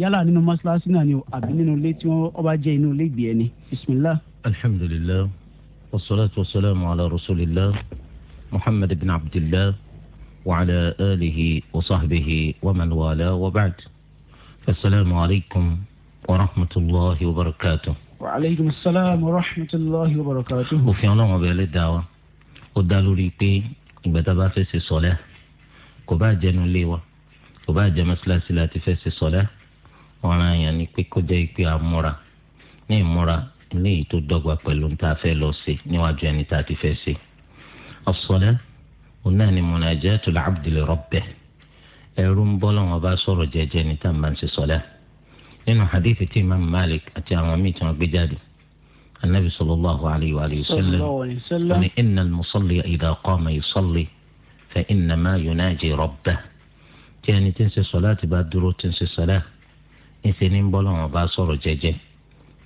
yálà nínú mọ́ṣáláṣí náà ni o àbí nínú ilé tí wọ́n bá jẹ́ inú ilé ìgbé ẹni bisimilah. alhamdulilayi wasalaatu wasalaamu ala rasulillah muhammad ibn abdillah wa ala alihi wa sahbihi wa man wala wa ba'd asalaamu alaykum wa rahmatulahi wa barakatuh. wa aleykum salaam wa rahmatulahi wa barakatuh. òfin ọlọ́run ọbẹ̀ lè dá wa ó dá lórí pé ìgbà tá a bá fẹ́ ṣe sọ́lẹ̀ kò bá jẹ́nu lé wa kò bá jẹ́ mọ́ṣáláṣí láti fẹ́ ṣe sọ́lẹ̀. ọ̀ràn àyàn ni pé kó jẹ́ pé a múra ní ìmúra eléyìí tó dọ́gba pẹ̀lú tá a fẹ́ lọ ṣe níwájú ẹni tá a ti fẹ́ ṣe. as-salah òun náà ni munajatul abdi li rabbih ẹrú ń bọ́ lọ́wọ́ bá sọ̀rọ̀ jẹ́jẹ́ ní tá ń ṣe sọ́lá nínú hadith tí imam malik àti àwọn míì tí wọ́n gbé jáde النبي صلى الله عليه وآله وسلم أن إن المصلي إذا قام يصلي فإنما يناجي ربه يعني تنسي صلاة بعد درو تنسي صلاة ńṣe ní bọ́lá wọn bá sọ̀rọ̀ jẹ́jẹ́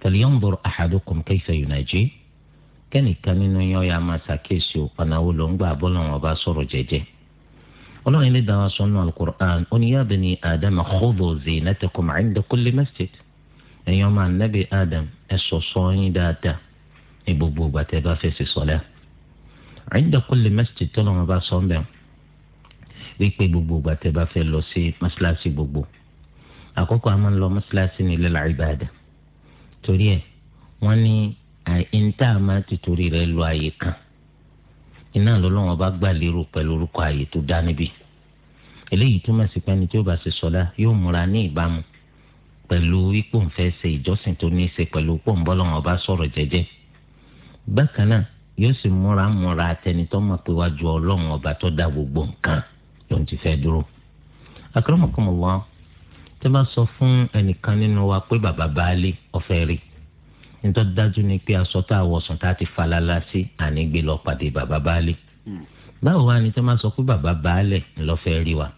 falyanzur ahadukum kayfa yunaji kẹ́nìkan nínú yẹn ọ̀yà máa ṣàkíyèsí ọ̀nà wo ló ń gbà bọ́lá wọn bá sọ̀rọ̀ jẹ́jẹ́ ọlọ́run ilé dáwà sọ́nù alukur'an ó ní yá bani adam khudhu zinatakum 'inda kulli masjid ẹ̀yin ọmọ anabi adam ẹ̀ sọ̀sọ́ yín dáadáa ní gbogbo ìgbà bá fẹ́ ṣe sọ́lá àkọ́kọ́ a máa ń lọ mọ́ṣáláṣí ní ilẹ̀ làrìbáàdà torí ẹ̀ wọ́n ní àìntà máa ti torí rẹ̀ lọ àyè kan iná lọ́lọ́wọ́n bá gbà lérò pẹ̀lú orúkọ àyè tó dá níbí eléyìí túmọ̀ sí pé ẹni tí ó bá ṣe sọ́lá yóò múra ní ìbámu pẹ̀lú ipò ńfẹ́ ṣe ìjọsìn tó ní í ṣe pẹ̀lú pò ń bọ́lọ́wọ́n bá sọ̀rọ̀ jẹ́jẹ́ bákan náà yóò sì múra múra àtẹnitọ́ mọ̀ pé wájú ọlọ́run ọba tó dá gbogbo nǹkan ló ti fẹ́ dúró. akramakumullah tẹ bá sọ fún ẹnìkan nínú wa pé bàbá baálé ọfẹ rí nítorí dájú ni pé aṣọ tá a wọsùn tá a ti falala sí ànígbé lọ pàdé bàbá baálé hmm. báwo wá ni tẹ bá sọ pé bàbá baálé ńlọfẹ rí wa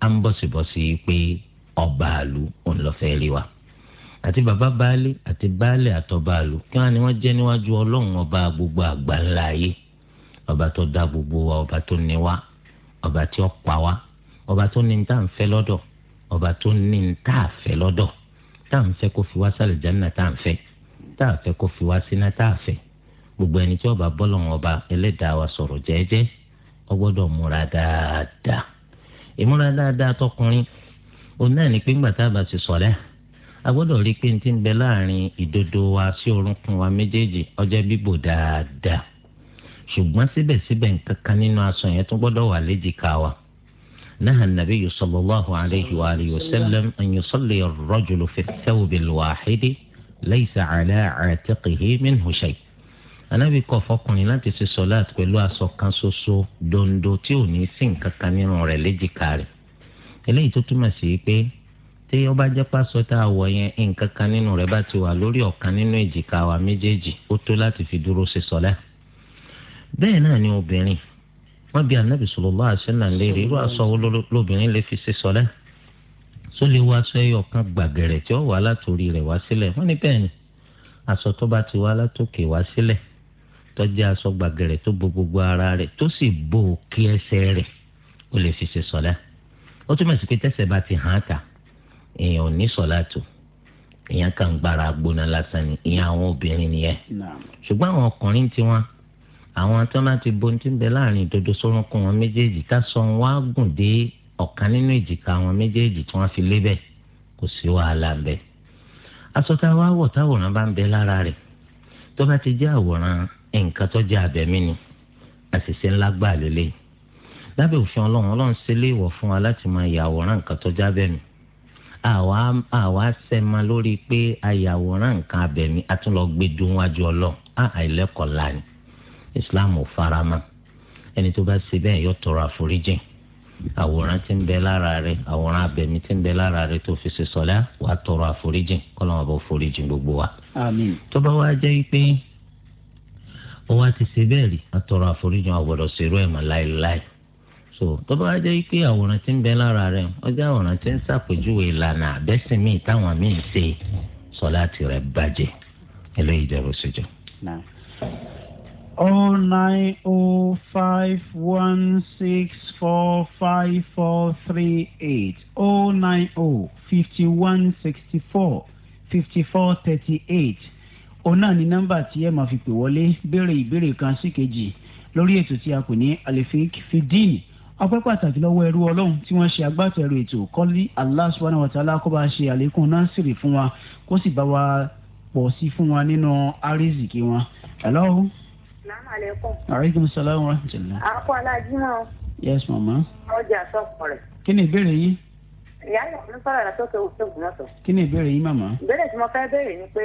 à ń bọ̀sibọ̀si pé ọba àlù ńlọfẹ rí wa àti bàbá baálé àti baálé àtọba àlù kí wọn ni wọn jẹ níwájú Ọlọ́run ọba gbogbo àgbà ńlá ayé ọba tó dá gbogbo wa ọba tó ní wa ọba tí ó pa wa ọba tó ní ní tá à ń fẹ́ lọ́dọ̀ ọba tó ní ní tá a fẹ́ lọ́dọ̀ tá à ń fẹ́ kó fi wá sálẹ̀ jánà tá à ń fẹ́ tá a fẹ́ kó fi wá síná tá a fẹ́ gbogbo ẹni tí ọba bọ́lọ̀ wọn ọba ẹlẹ́dàá wa sọ̀rọ̀ jẹ́ẹ́jẹ́ ó gbọ́dọ̀ múra dáadáa ìmúra dáadáa tọkùnrin òun náà ní pé ńgbà tá a bá ti sọ̀rẹ́ a gbọ́dọ̀ rí i pé n ti ń bẹ láàrin ìdodo wa sí orúnkún wa méjèèjì ọjọ́ bíbò dáadáa ṣùgbọ́n síbẹ̀síbẹ̀ nǹkan kan nínú aṣọ yẹn tún gbọ́dọ̀ wà léjìká wa نهى النبي صلى الله عليه وآله وسلم أن يصلي الرجل في الثوب الواحد ليس على عاتقه منه شيء أنا بيكوف أكون إلا تسي صلاة كلو أسو كان سوسو دون دوتي ونسين ككاني نوري لدي كاري إلي توتو ما سيكي تي أبا جاكوا سوتا أوايا إن ككاني نوري باتي والوري أو كاني نوري جيكا وامي جيجي أتو لا تفي دروسي صلاة بينا نيو بيني wọ́n bí anabi sallallahu alaihi wasallam léèrè irú aṣọ wo lóbìnrin lè fi ṣe sọlẹ́ tó lè wá aṣọ ẹyọ kan gbàgẹ̀rẹ̀ tí ó wà látòrí rẹ̀ wá sílẹ̀ wọ́n ní bẹ́ẹ̀ ni aṣọ tó bá ti wá látòkè wá sílẹ̀ tó jẹ́ aṣọ gbàgẹ̀rẹ̀ tó bo gbogbo ara rẹ̀ tó sì bo òkè ẹsẹ̀ rẹ̀ ó lè fi ṣe sọlẹ́ ó túmọ̀ sí pé tẹ́sẹ̀ bá ti hàn ta èèyàn ò ní sọlá tó èèyàn kàn gbára gbóná lásán ni ìyẹn àwọn obìnrin nìyẹn ṣùgbọ́n àwọn ọkùnrin tiwọn àwọn tó máa ti bo ti ń bẹ láàrin ìdodo sórúnkún wọn méjèèjì ká sọ wọn á gùn dé ọ̀kan nínú ìjìká wọn méjèèjì tí wọ́n fi lébẹ̀ kò sí wàhálà ń bẹ. aṣọ tá a wá wọ̀ táwòrán bá ń bẹ lára rẹ̀ tó bá ti jẹ́ àwòrán nǹkan tó jẹ́ abẹ̀mí ni àṣìṣe ńlá gbà lélẹ̀ lábẹ́ òfin ọlọ́run ọlọ́run ṣe lé ìwọ̀ fún wa láti máa yà nǹkan tó jẹ́ abẹ̀mí àwa àwa ṣẹ́ lórí pé ayàwòrán nǹkan abẹ̀mí a tún lọ gbé dun wájú ọlọ́run á àìlẹ́kọ̀ọ́ islam ò farama ẹni tó bá ṣe yóò tọrọ àforíjìn àwòrán ti ń bẹ lára rẹ àwòrán abẹ̀mí ti ń bẹ lára rẹ tó fi ṣe sọlá wàá tọrọ gbogbo wa. tó bá wá jẹ́ pé ó wá ti ṣe bẹ́ẹ̀ rí àtọrọ àforíjìn àwọ̀dọ̀ ṣèrú ẹ̀ mọ́ so tó bá wá jẹ́ pé àwòrán tí ń bẹ lára rẹ ó jẹ́ àwòrán ń ìlànà àbẹ́sìn míì táwọn míì oh nine oh five one six four five four three eight oh nine oh fifty one sixty four fifty four thirty eight òun náà ni nọ́mbà tí ẹ máa fi pè wọlé béèrè ìbéèrè kan sí kejì lórí ètò tí a pè ní alefik fidin ọpẹ́ pàtàkì lọ́wọ́ ẹrú Ọlọ́run tí wọ́n ṣe agbátẹrù ètò kọlí Allah subhanahu wa ta'ala kó bá ṣe àlékún násìrì fún wa kó sì bá wa pọ̀ sí fún wa nínú àrísìkí wọn. hello salaamaleykum. aleykum salaam wa rahmatulah. akọ alájúmọ. yes mama. ọjà sọkọ rẹ. kí ni ìbéèrè yìí. ìyá yóò fún sọ̀rọ̀ rẹ sókè òkè ògùn náà sọ. kí ni ìbéèrè yìí màmá. ìbéèrè tí mo fẹ́ béèrè ni pé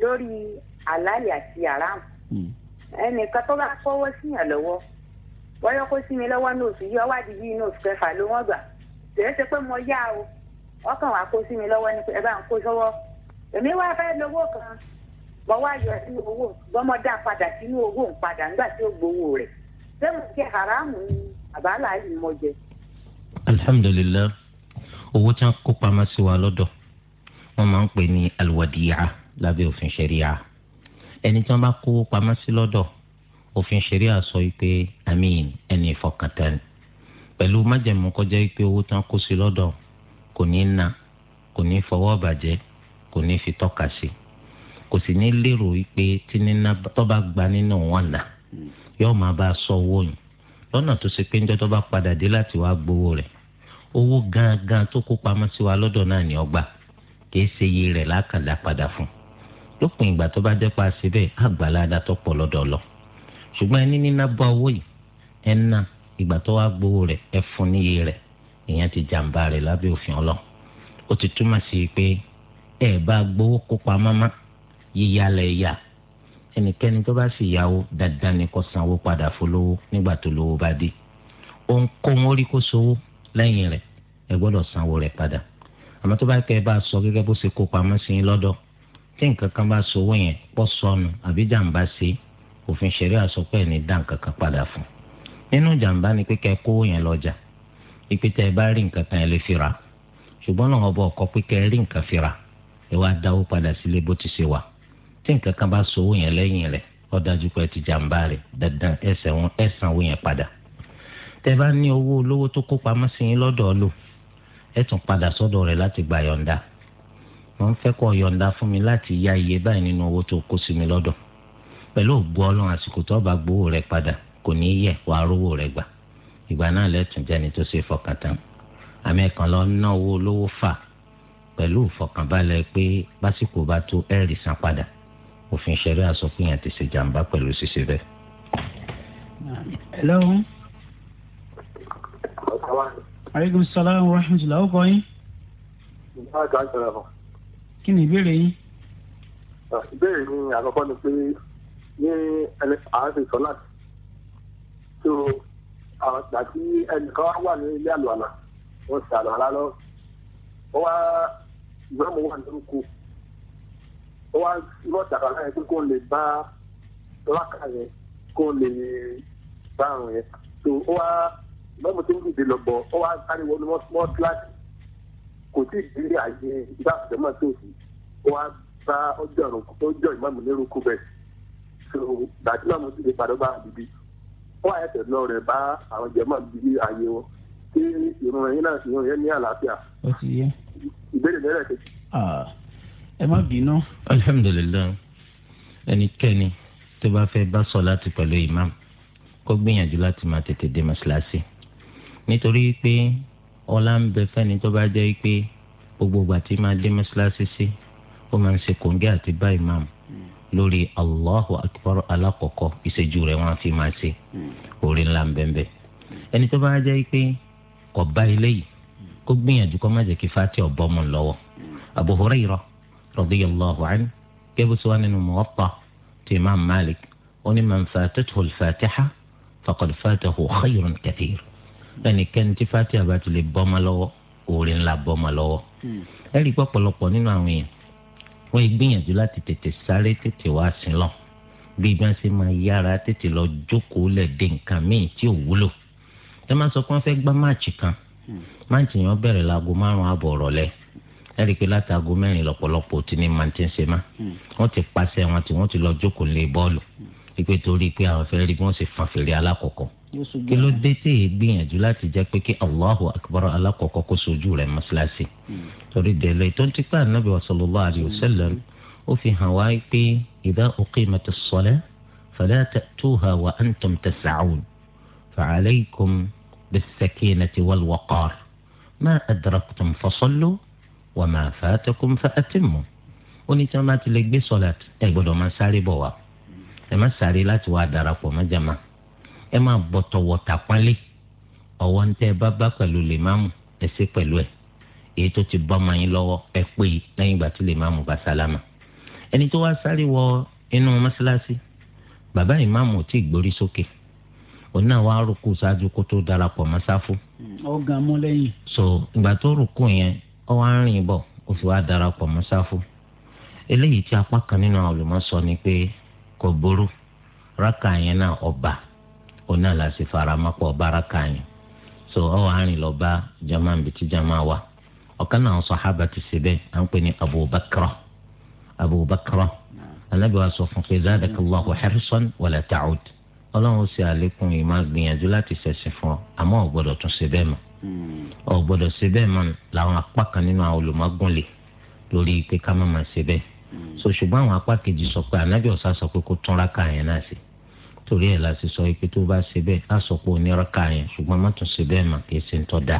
lórí àlàyé àti àràm. Hmm. ẹnìkan tó bá fọwọ́ síyàn lọ́wọ́ wọ́yọ́ kó sí mi lọ́wọ́ nóòtù yìí ọwádìí bíi nóòtù kẹfà ló wọ́n gbà tèmi ṣe pé mo yá o ọkàn wà kó sí mi lọ́wọ́ ni ẹ bá ń kó sọ́wọ́ èmi wá fẹ́ lówó kan wọ́n wá yọ sínú owó ṣùgbọ́n mọ́ dá padà sínú owó ń padà nígbà tí ó gbowó rẹ̀ sẹ́wọ̀n jẹ́ haramu ni àbálà yìí mọ jẹ. alhamdulilayi owó tí wọn kó pamọ́ sí wa lọ́dọ̀ wọn máa ń pè ní alwadiya lábẹ́ òfin ṣẹ̀ríà ẹni tí wọn bá kó pamọ́ sí lọ́dọ̀ òfin ṣẹ̀ríà sọ pé amiin ẹni ìfọkàntán pẹ̀lú májẹ̀mú kọjá pé owó tí wọn kó sí lọ́dọ̀ kò ní na kò ní fọwọ́ bàjẹ́ kò ní fi tọ́ka sí i kò sì ní lérò wípé tí níná tó bá gba nínú wọn nà yóò máa bá a sọ owó yìí lọ́nà tó ṣe pé níjọ́ tó bá padà dé láti wá gbowó rẹ̀ owó gangan tó kó pamọ́ sí wa lọ́dọ̀ náà ni ọgbà kìí ṣe iye rẹ̀ lákàndá padà fún lópin ìgbà tó bá jẹ́ pa ṣe bẹ́ẹ̀ tó pọ̀ lọ́dọ̀ lọ ṣùgbọ́n ẹni níná bá owó yìí ẹ̀ ìgbà tó wá gbowó rẹ̀ ẹ̀ fún níye rẹ̀ ìyẹn ti jàǹbá rẹ̀ lábẹ́ òfin ọlọ́ ó ti túmọ̀ sí pé ẹ̀ bá gbowó kópa mọ́mọ́ yíyá lẹ̀ yá ẹnikẹ́ni tó bá sì yáwó dandan ni kó sanwó padà fọlọ́wọ́ nígbà tó lówó bá dé òun kó wọn rí kó sowó lẹ́yìn rẹ̀ ẹ gbọ́dọ̀ sanwó rẹ̀ padà àmọ́ tó bá kẹ́ ẹ bá sọ gẹ́gẹ́ bó ṣe kó pamọ́ sí i lọ́dọ̀ tí nǹkan kan bá sowó yẹn pọ̀ sọnù àbí jàǹbá ṣe òfin ṣẹ̀rí àsọpẹ́ ní dá nǹkan kan padà fún nínú jàǹbá ni pé kẹ́ ẹ kówó yẹn lọ́jà ipe tẹ́ ẹ bá rí nǹkan kan ẹ lè fi rà ṣùgbọ́n náà ọba ọkọ pé kẹ́ ẹ rí nǹkan fi ẹ wá dáwó padà sílé bó ti ṣe wà tí nǹkan kan bá so owó yẹn lẹ́yìn rẹ̀ ó dájú pé ti jàǹbá rẹ̀ dandan ẹsẹ̀ wọn ẹ̀sán owó yẹn padà tẹ bá ní owó olówó tó kó pamọ́ sí yín lọ́dọ̀ lò ẹ tún padà sọ́dọ̀ rẹ̀ láti gba yọ̀ǹda wọ́n fẹ́ kó yọ̀ǹda fún mi láti ya iye báyìí nínú owó tó kó sí mi lọ́dọ̀ pẹ̀lú ògbó ọlọ́run àsìkò tó bá gbowó rẹ̀ padà kò ní yẹ wàá rówó rẹ̀ gbà ìgbà náà lẹ́tùn jẹ́ni tó ṣe fọkàn àmì ẹ̀kan lọ ná owó olówó fà pẹ̀lú ìfọkànbalẹ̀ pé básìkò bá tó ẹ̀rì san padà òfin ṣẹlẹ̀ àsọ pé yẹn ti ṣe jàǹbá pẹ̀lú ṣíṣe bẹ́ẹ̀. hello. aleykum salaam wa rahmatulah ó kọ yín. kí ni ìbéèrè yín. ìbéèrè mi àkọ́kọ́ ni pé ní àárín sọ́lá tó àgbà tí ẹnìkan wà ní ilé àlọ́ àná wọ́n ṣàlọ́ àlá lọ wọ́n wá ìgbọ́n mo wà ní orúkọ ó lọ ṣàkàlà yẹn pé kó lè bá lákà yẹn kó lè bá àrùn yẹn tó ó wá lọ́mọ tó ń dìde lọ bọ̀ ó wá sáré wọnú kò tí ì délé àyè ìgbà àjọmọ́ tó sì ó wá bá ọjọ́ ọ̀rùn tó jọ ìmọ̀mù ní rúkú bẹ́ẹ̀ so dàtí náà mo ti lè padà bá àbíbí ó ẹsẹ̀ náà rẹ̀ bá àwọn jẹ̀mọ́ àbíbí àyè wọn kí ìrùn ẹ̀yìn náà ìrùn yẹn ní àlàáfíà ìbéèrè mẹ́rẹ̀ẹ́kejì. Ah ẹ má bínú. alhamdulilayi ẹnikẹ́ni tó bá fẹ́ bá sọ láti pẹ̀lú imam kó gbìyànjú láti máa tètè dé mọ́ṣáláṣí nítorí pé ọlá ń bẹ fẹ́ni tó bá jẹ́ pé gbogbo ìgbà tí máa dé mọ́ṣáláṣí sí ó máa ń ṣe kòńgẹ́ àti bá imam lórí allahu akbar alákọ̀ọ́kọ́ ìṣẹ́jú rẹ̀ wọ́n á fi máa ṣe orí ńlá ń bẹ́ẹ̀ ẹni tó bá jẹ́ pé kò bá ilé yìí kó gbìyànjú kó má jẹ́ kí fati ọ̀bọ mọ̀ lọ́wọ́ Abu Hurairah radiyallahu anhu kẹ́bù sọ wá nínú Muwatta ti Imam Malik ó ní man fatathu al-fatiha faqad fatahu khayrun kathir ẹnikẹ́ni tí fatiha bá ti lè bọ́mọ lọ́wọ́ oore ńlá bọ́mọ lọ́wọ́ ẹ rí pọ̀pọ̀lọpọ̀ nínú àwọn èèyàn wọ́n gbìyànjú láti tètè sáré tètè wá sí lọ bí wọ́n ṣe máa yára tètè lọ jókòó lẹ́ẹ̀dẹ̀ nǹkan míì tí ò wúlò ẹ máa sọ pé wọ́n fẹ́ gbá máàcì kan máàcì yẹn bẹ̀rẹ̀ láago márùn-ún àbọ̀ rọ̀lẹ́ ẹ̀rí láti aago lọ́pọ̀lọpọ̀ tí ní màá ti ń ṣe má wọ́n ti pàṣẹ wọn tí wọ́n ti lọ jókòó lé bọ́ọ̀lù wípé torí pé àwọn fẹ́ẹ́ rí bí wọ́n ṣe fa fèrè alákọ̀ọ́kọ́ kí ló dé tí èyí gbìyànjú láti jẹ́ pé kí allahu akbar alákọ̀ọ́kọ́ kó sojú rẹ̀ mọ́ṣáláṣí torí délé tó ń tipa ànábì sallallahu alayhi wa ó fi hàn wá pé idha uqimatis salah fala ta'tuha wa antum tas'un fa'alaykum bis sakinati wal waqar ma adraktum fasallu wa ma fatakum fa atimmu ó ní tí wọn bá ti lè gbé sọlát ẹ gbọ́dọ̀ máa sáré bọ̀ wá ẹ má sáré láti wá darapọ̀ mọ́ jàmá ẹ má bọ̀ tọwọ́ tàpánlé ọwọ́ ń tẹ bá bá pẹ̀lú lè má mú ẹ sí pẹ̀lú ẹ èyí tó ti bọ́ mayín lọ́wọ́ ẹ pé lẹ́yìn ìgbà tí lè bá sálámà ẹni tó wá sáré wọ inú mọ́sálásí bàbá ìmáàmù tí gbórí sókè òun náà wá rúkú ṣáájú kó tó darapọ̀ mọ́ sáfù. ọ̀gá mọ́lẹ́yìn. so ìgbà tó rúkú yẹn ó wá ń rìn bọ̀ ó fi wá darapọ̀ mọ́ sáfù eléyìí tí apá kan nínú àwọn olùmọ̀ ni pé kò burú rákà yẹn náà ọba òun náà láti faramọ́pọ̀ ọba rákà yẹn so ó wá ń rìn lọ bá jama ń bìtí jama wa ọ̀kan náà sàhábà ti ṣe bẹ́ẹ̀ à ń pè ní abubakar abubakar anabi wa sọ fún pé zadakallahu hirsan wala ta'ud ọlọ́run ó ṣe àlékún ìmọ̀ gbìyànjú láti ṣẹ̀sìn fún ọ àmọ́ ò tún ṣe bẹ́ẹ̀ mọ́ ọ gbọ́dọ̀ ṣe bẹ́ẹ̀ mọ làwọn apá kan nínú àwọn olùmọgúnlẹ lórí pé ká má máa ṣe bẹ́ẹ̀ so ṣùgbọ́n àwọn apá kejì sọ pé anabi ọsà sọ pé kó tún raka yẹn náà sí torí ẹ̀ la sì sọ pé tó bá ṣe bẹ́ẹ̀ á sọ pé ó ní raka yẹn ṣùgbọ́n má tún ṣe bẹ́ẹ̀ mà kì í ṣe ń tọ́ da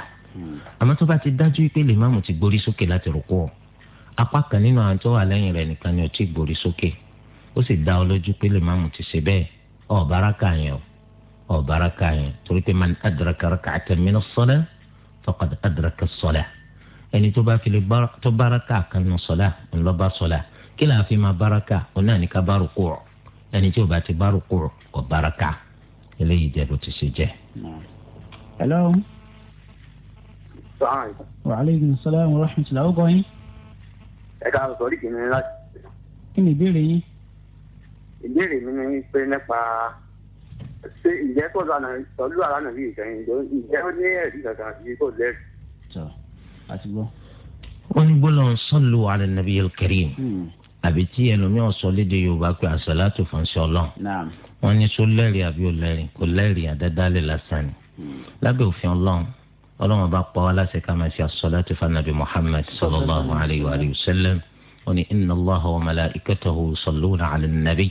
àmọ́ tó bá ti dájú pé lèmáàmù ti gborí sókè láti rúkọ́ ọ apá kan nínú àwọn tó wà lẹ́yìn rẹ̀ nìkan ni ò tí sókè ó sì dá ọ lójú pé lèmáàmù ti ṣe bẹ́ẹ̀ ọ̀ bá raka yẹn o ọ̀báraka yẹn torí pé man adraka rak'atan min as-salah faqad adraka as-salah ẹni tó bá fi lè tó báraka kan nù sọ́lá ńlọ́ba sọ́lá kí lóò fi máa báraka òun náà ní ká bá rúkú ẹni tí ò bá ti bá rúkú rọ eléyìí jẹ́ bó ti ṣe jẹ́. hello. sàáyé. wa aleykum salaam wa rahmatulah ọgọ yín. ẹ ká sọ orí kìíní láti. kí ni ìbéèrè yín. ìbéèrè mi ni pé nípa ṣé ìjẹ́ tó lànà tọ́lú àlànà bíi ìkẹyìn ló ìjẹ́ ó ní ẹ̀rí kankan àti kò lẹ́rìí. sọ àti gbọ́. ó ní gbọ́dọ̀ sọ́lù alẹ́ nàbí karim àbí tí ẹlòmíràn sọ léde yorùbá pé àṣàlátò fànṣẹ ọlọ́run wọn ní sọ lẹ́rìí àbí ò lẹ́rìí kò lẹ́rìí àdádálẹ̀ lásán ni hmm. lábẹ́ òfin ọlọ́run ọlọ́run bá pa wá ká máa ṣe àṣàlátò fànàbí muhammad sallallahu alayhi wa sallam ó ní inna allah wa malaikatahu salluna ala nabi.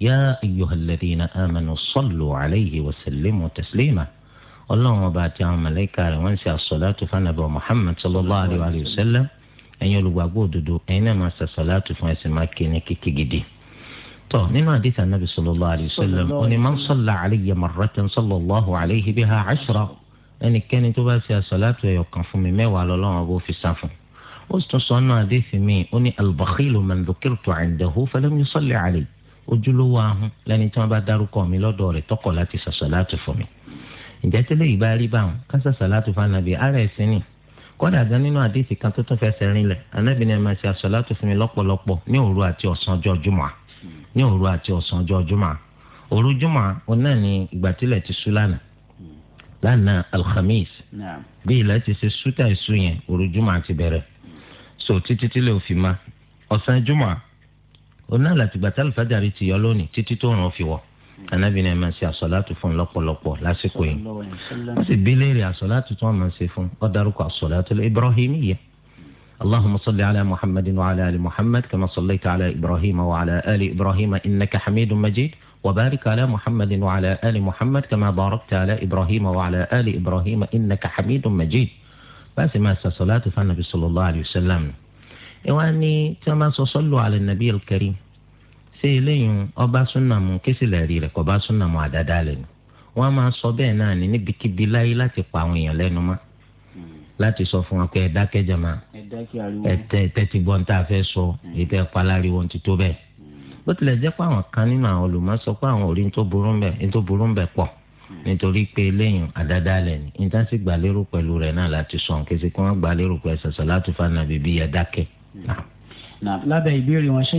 يا أيها الذين آمنوا صلوا عليه وسلموا تسليما اللهم بات يا ملائكة وانسى الصلاة فنبي محمد صلى الله عليه وآله وسلم أن يلقى قوددو أينما الصلاة فانسى ما كيني كيكي طب من حديث النبي صلى الله عليه وسلم أن من صلى علي مرة صلى الله عليه بها عشرة أن كان تباسي الصلاة ويقف فمي وعلى الله أبو في السفن وستصنع حديث مي أني البخيل من ذكرت عنده فلم يصلي عليه ojúlówó ahun lẹ́ni tí wọ́n bá dárúkọ mi lọ́dọ̀ rẹ̀ tọkọ̀ láti sàṣàlátù fún mi ǹjẹ́ tẹ́lẹ̀ yìí bá rí báwọn ká sàṣàlátù fún anabi ara ẹ̀ sínú kódà gan nínú àdéhìí kan tó tún fẹsẹ̀ rinlẹ̀ anabi ni ẹ máa ṣe àṣàlátù fún mi lọ́pọ̀lọpọ̀ ní òru àti ọ̀sán ọjọ́ jùmọ̀ ní òru àti ọ̀sán ọjọ́ jùmọ̀ òru jùmọ̀ òun náà ni ìgbà tílẹ̀ ti sú lánàá lánàá alhamis bí ilẹ̀ ti ṣe so títí tílẹ̀ òfin ma òun náà látìgbà tá alifájàrí ti yọ lóni títí tó ràn fi wọ̀ anabi náà ma ṣe àsọlátù fún lọ́pọ̀lọpọ̀ lásìkò yìí wọ́n sì bí léèrè àsọlátù tó ma ṣe fún ọ dárúkọ àsọlátù ibrahimiyya اللهم صل على محمد وعلى ال محمد كما صليت على ابراهيم وعلى ال ابراهيم انك حميد مجيد وبارك على محمد وعلى ال محمد كما باركت على ابراهيم وعلى ال ابراهيم انك حميد مجيد بس ما صلاه فالنبي صلى الله عليه وسلم ẹ wá ní tí wọ́n bá sọ sọ́lù alẹ́ nàbí ẹ̀kẹ́rì ṣé eléyìí ọba súnàmù késìlẹ̀ rí rẹ̀ kọ́ bá súnàmù àdáadáa lẹ́nu wọ́n á máa sọ bẹ́ẹ̀ náà ní níbikíbi láyé láti pa àwọn èèyàn lẹ́nu mọ́ láti sọ fún wọn pé ẹ dákẹ́ jama ẹ tẹ́tí gbọ́n tá a fẹ́ sọ èyí hmm. tẹ́ palariwo ti tó bẹ́ẹ̀ hmm. bó tilẹ̀ jẹ́ pé àwọn kan nínú àwọn olùmọ̀ sọ pé àwọn orí tó burú ń pọ̀ hmm. nítorí pé eléyìí àdádálẹ̀ ni níta sì gbàlérò pẹ̀lú rẹ̀ náà láti sọ kí wọ́n gbàlérò pẹ̀lú ṣẹ̀ṣẹ̀ láti fa nàbí bí dákẹ́ lábẹ́ ìbéèrè wọn ṣe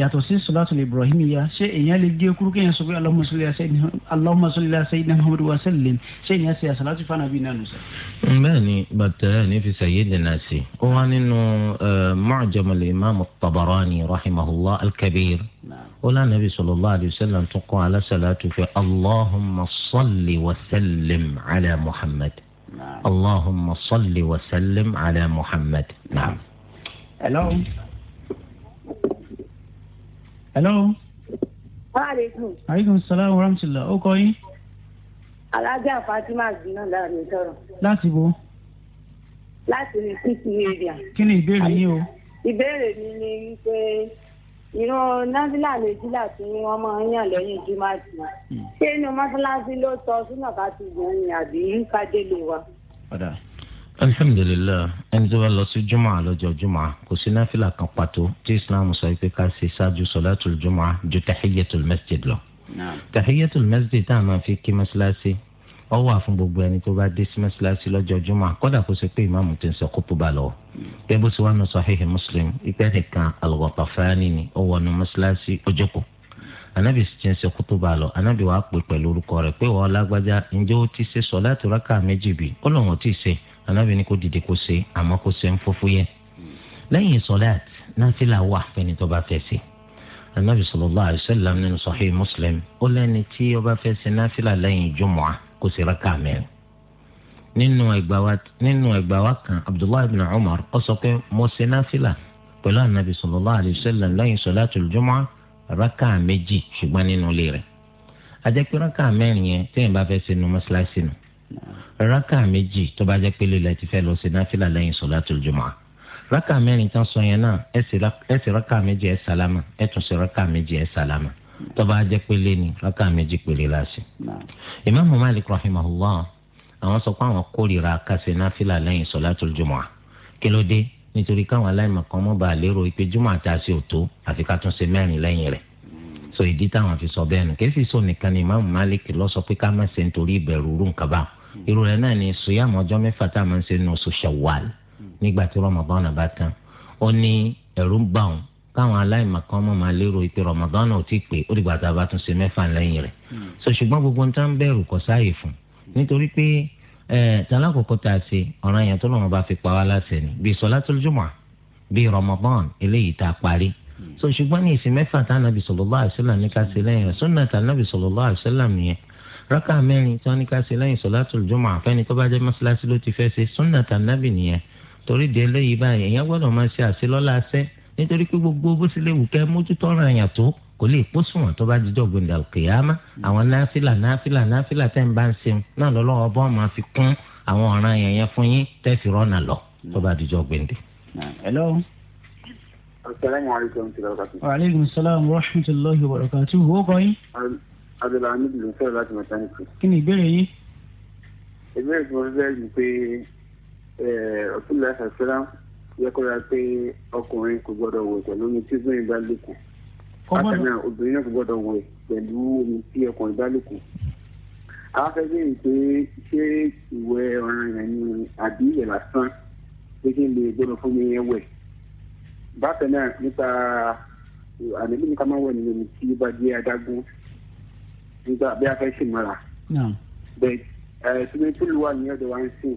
yàtọ̀ sí sọlátùl ibrahimiya ṣé èèyàn lè gé kúrú kéèyàn sọ pé allahumma salli ala sayyidina muhammadu wa sallim ṣé èèyàn ṣe àṣàlátù fún ànábì náà nùsọ. bẹ́ẹ̀ ni bàtà eh, ní fi sayyidina sí ó wá nínú eh, mu'jamul imam tabarani rahimahullah alkabir ó lánà nabi sallallahu alayhi wa sallam tún kọ́ alásàlátù fẹ́ allahumma salli wa sallim ala allahumma salli wa sallim ala muhammad. naam. hello. Hmm. hello. maaleykum. aleykum salaam wa rahmatulah ó kọ́ yín. alájà fatima gbinna lára mi sọ̀rọ̀. láti bo. láti ní ct area. kí ni ìbéèrè yín o. ìbéèrè mi ni wípé ìran náfìlà méjìlá tí wọ́n máa ń yàn lẹ́yìn jùmọ̀tì hmm. ṣé inú mọ́ṣáláṣí ló sọ súnà ká ti gbọ̀n ni àbí kájé lè wa. ọ̀dà alhamdulilayi ẹni tó bá lọ sí jùmọ̀ àlọ́jọ́ jùmọ̀ kò sí náfìlà kan pàtó tí islam sọ pé ká ṣe ṣáájú sọ̀látùl jùmọ̀ ju tahiyatul masjid lọ. tahiyatul masjid tá a máa fi kí mọ́ṣáláṣí ọ wà fún gbogbo ẹni tó bá dé sí mọ́ṣáláṣí lọ́jọ́ jùmọ̀ kọ́dà kó ṣe pé ìmáàmù ti ń sọ kó tó bá lọ. bẹ́ẹ̀ bó ṣe wà ní Muslim ìpẹ́ nìkan Al-Ghatafani ni ó wọnú mọ́ṣáláṣí ọjọ́ kù anabi ti ń ṣe kútúbà lọ anabi wàá pè pẹ̀lú orúkọ rẹ̀ pé wọ́n lágbájá ǹjẹ́ ó ti ṣe sọ̀láàtì rákà méjì bí ó lọ́wọ́ ti ṣe anabi ní kó dìde kó ṣe àmọ́ kó ṣe ń anabi sallallahu alaihi wasallam nínú sahih muslim ó lẹ́ni tí ó bá fẹ́ ṣe náfìlà lẹ́yìn jùmọ̀á kó sì rákà mẹ́rin nínú ẹgbàá wa kan abdullahi ibn umar ó sọ pé mo ṣe náfìlà pẹ̀lú anabi sallallahu alayhi wa sallam lẹ́yìn sọ̀láàtù jùmọ̀ rákà méjì ṣùgbọ́n nínú ilé rẹ̀ ajẹ́ pé rákà mẹ́rin yẹn téèyàn bá fẹ́ ṣe nu mọ́ṣáláṣí nu rákà méjì tó bá jẹ́ pé lílẹ̀ ti fẹ́ lọ ṣe náfìlà lẹ́yìn sọ̀láàtù jùmọ̀ rákà mẹ́rin tán sọ yẹn náà ẹ ṣe rákà méjì ẹ sálámà ẹ tún ṣe rákà méjì ẹ sálámà tọ́ba ajẹ́ pélé ni rákà méjì péré láṣẹ. ìmáàmù malik rahimahullah àwọn sọ pé àwọn kórìíra kásẹ̀ náfìlà lẹ́yìn sọ̀látùl jumu'ah kí ló dé nítorí káwọn aláìmọ̀ kan mọ́ bàa lérò pé jùmọ̀ àtàṣe òtó àfi ká tún ṣe mẹ́rin lẹ́yìn rẹ̀ so ìdí táwọn fi sọ bẹ́ẹ̀ nù kẹ́sì sọ nìkan ni ìmáàmù malik lọ sọ pé ká má ṣe nítorí ìbẹ̀rù rú nǹkan bá irú rẹ̀ náà ni sùyàmù ọjọ́ mẹ́fà tá a máa ṣe nù oṣù Shawwal nígbà tí Ramadan bá tán ó ní ẹ̀rù ń bà òun káwọn aláìmọ̀kan mọ̀ máa lérò ìpè rọmọdánù ò tí ì pé ó dìgbà tá a bá tún ṣe mẹ́fà lẹ́yìn rẹ̀ hmm. so ṣùgbọ́n gbogbo ń tán bẹ̀rù kọ sáàyè fún nítorí pé tàlákòókò tá a ṣe ọ̀ràn yẹn tó lọ́wọ́ bá fi pa wá láṣẹ ni bíi sọlátul jumu'ah bíi rọmọdán eléyìí tá a parí hmm. so ṣùgbọ́n ní ìsìn mẹ́fà tá nàbì sallallahu alaihi wasallam ní ká ṣe lẹ́yìn rẹ̀ sunna tá nàbì sallallahu alaihi wasallam nìyẹn rákà mẹ́rin tí wọ́n ní ká ṣe lẹ́yìn sọlátul jumu'ah àfẹ́ni tó bá jẹ́ mọ́ṣáláṣí ló ti fẹ́ ṣe sunna nítorí pé gbogbo bó tilẹ̀ wù kẹ́ mójútó ọ̀ràn àyàn tó kò lè kó sùnwọ̀n tó bá jíjọ́ gbòǹdà kìyàmá àwọn náfìlà náfìlà náfìlà tẹ́ ń bá ń ṣe náà lọ́lọ́wọ́ bọ́ máa fi kún àwọn ọ̀ràn àyàn yẹn fún yín tẹ́ fi rọ́nà lọ tó bá jíjọ́ gbòǹdà. hello. asalaamualeykum ṣe lọ́kàtú. salaam wa rahmatulahi wa barakatu. wo kọ́ yín. abdullahi hamidu ló ń sọ̀rọ̀ láti mọ̀tánìkì. kí ni ìbéèrè yín. ìbéèrè yẹ kó ra pé ọkùnrin kò gbọ́dọ̀ wẹ̀ pẹ̀lú omi tí obìnrin bá lòkù bákan náà obìnrin náà kò gbọ́dọ̀ wẹ̀ pẹ̀lú omi tí ọkùnrin bá lòkù àwọn fẹ́ bẹ̀rẹ̀ pé ṣé ìwẹ̀ ọ̀ràn yẹn ni àbí ìwẹ̀ lásán pé kí n lè gbọ́dọ̀ fún mi yẹn wẹ̀ bákan náà nípa àdébí ní ká máa wẹ̀ nínú omi tí ó bá jẹ́ adágún nígbà bí a fẹ́ ṣèmọ́ra bẹ́ẹ̀ ẹ̀ tí mi tún lù wà ní ọ̀dọ̀ wa ń sìn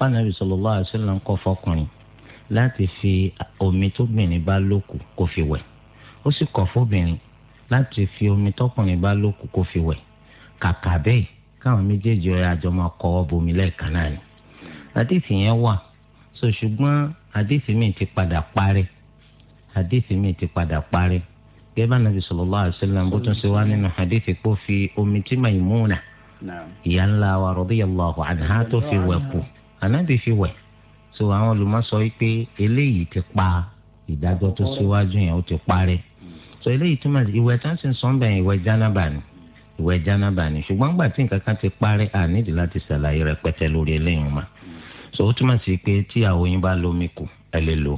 pànàbí sallallahu alaihi wasallam ń kọ́ fọkùnrin láti fi omi tóbìnrin bá lókù kó fi wẹ̀ ó sì kọ̀ fóbìnrin láti fi omi tọkùnrin bá lókù kó fi wẹ̀ kàkà bẹ́ẹ̀ káwọn méjèèjì ọ̀rẹ́ àjọ máa bomi lẹ́ẹ̀kan náà ni àdìsí yẹn wà so ṣùgbọ́n àdìsí mi ti padà parẹ́ àdìsí mi ti padà parẹ́ gẹ́gẹ́ bá nàbì sallallahu alaihi wasallam bó tún ṣe wá nínú àdìsí pò fi omi tí Maimuna ìyá ńlá wa radiyallahu anha tó fi wẹ̀ kù ànábì fi wẹ̀ so àwọn olùmọ̀sọ wípé eléyìí ti pa ìdájọ́ tó síwájú yẹn ó ti parẹ́ so eléyìí túmọ̀ sí ìwẹ̀ tán sì ń sọ́n bẹ̀yẹn ìwẹ̀ jánábà ni ìwẹ̀ jánábà ni ṣùgbọ́n gbà tí nǹkan kan ti parẹ́ ànídìí láti ṣàlàyé rẹpẹtẹ lórí eléyìí mà so ó túmọ̀ sí pé tí àwọn yín bá lomi kù ẹ lè lò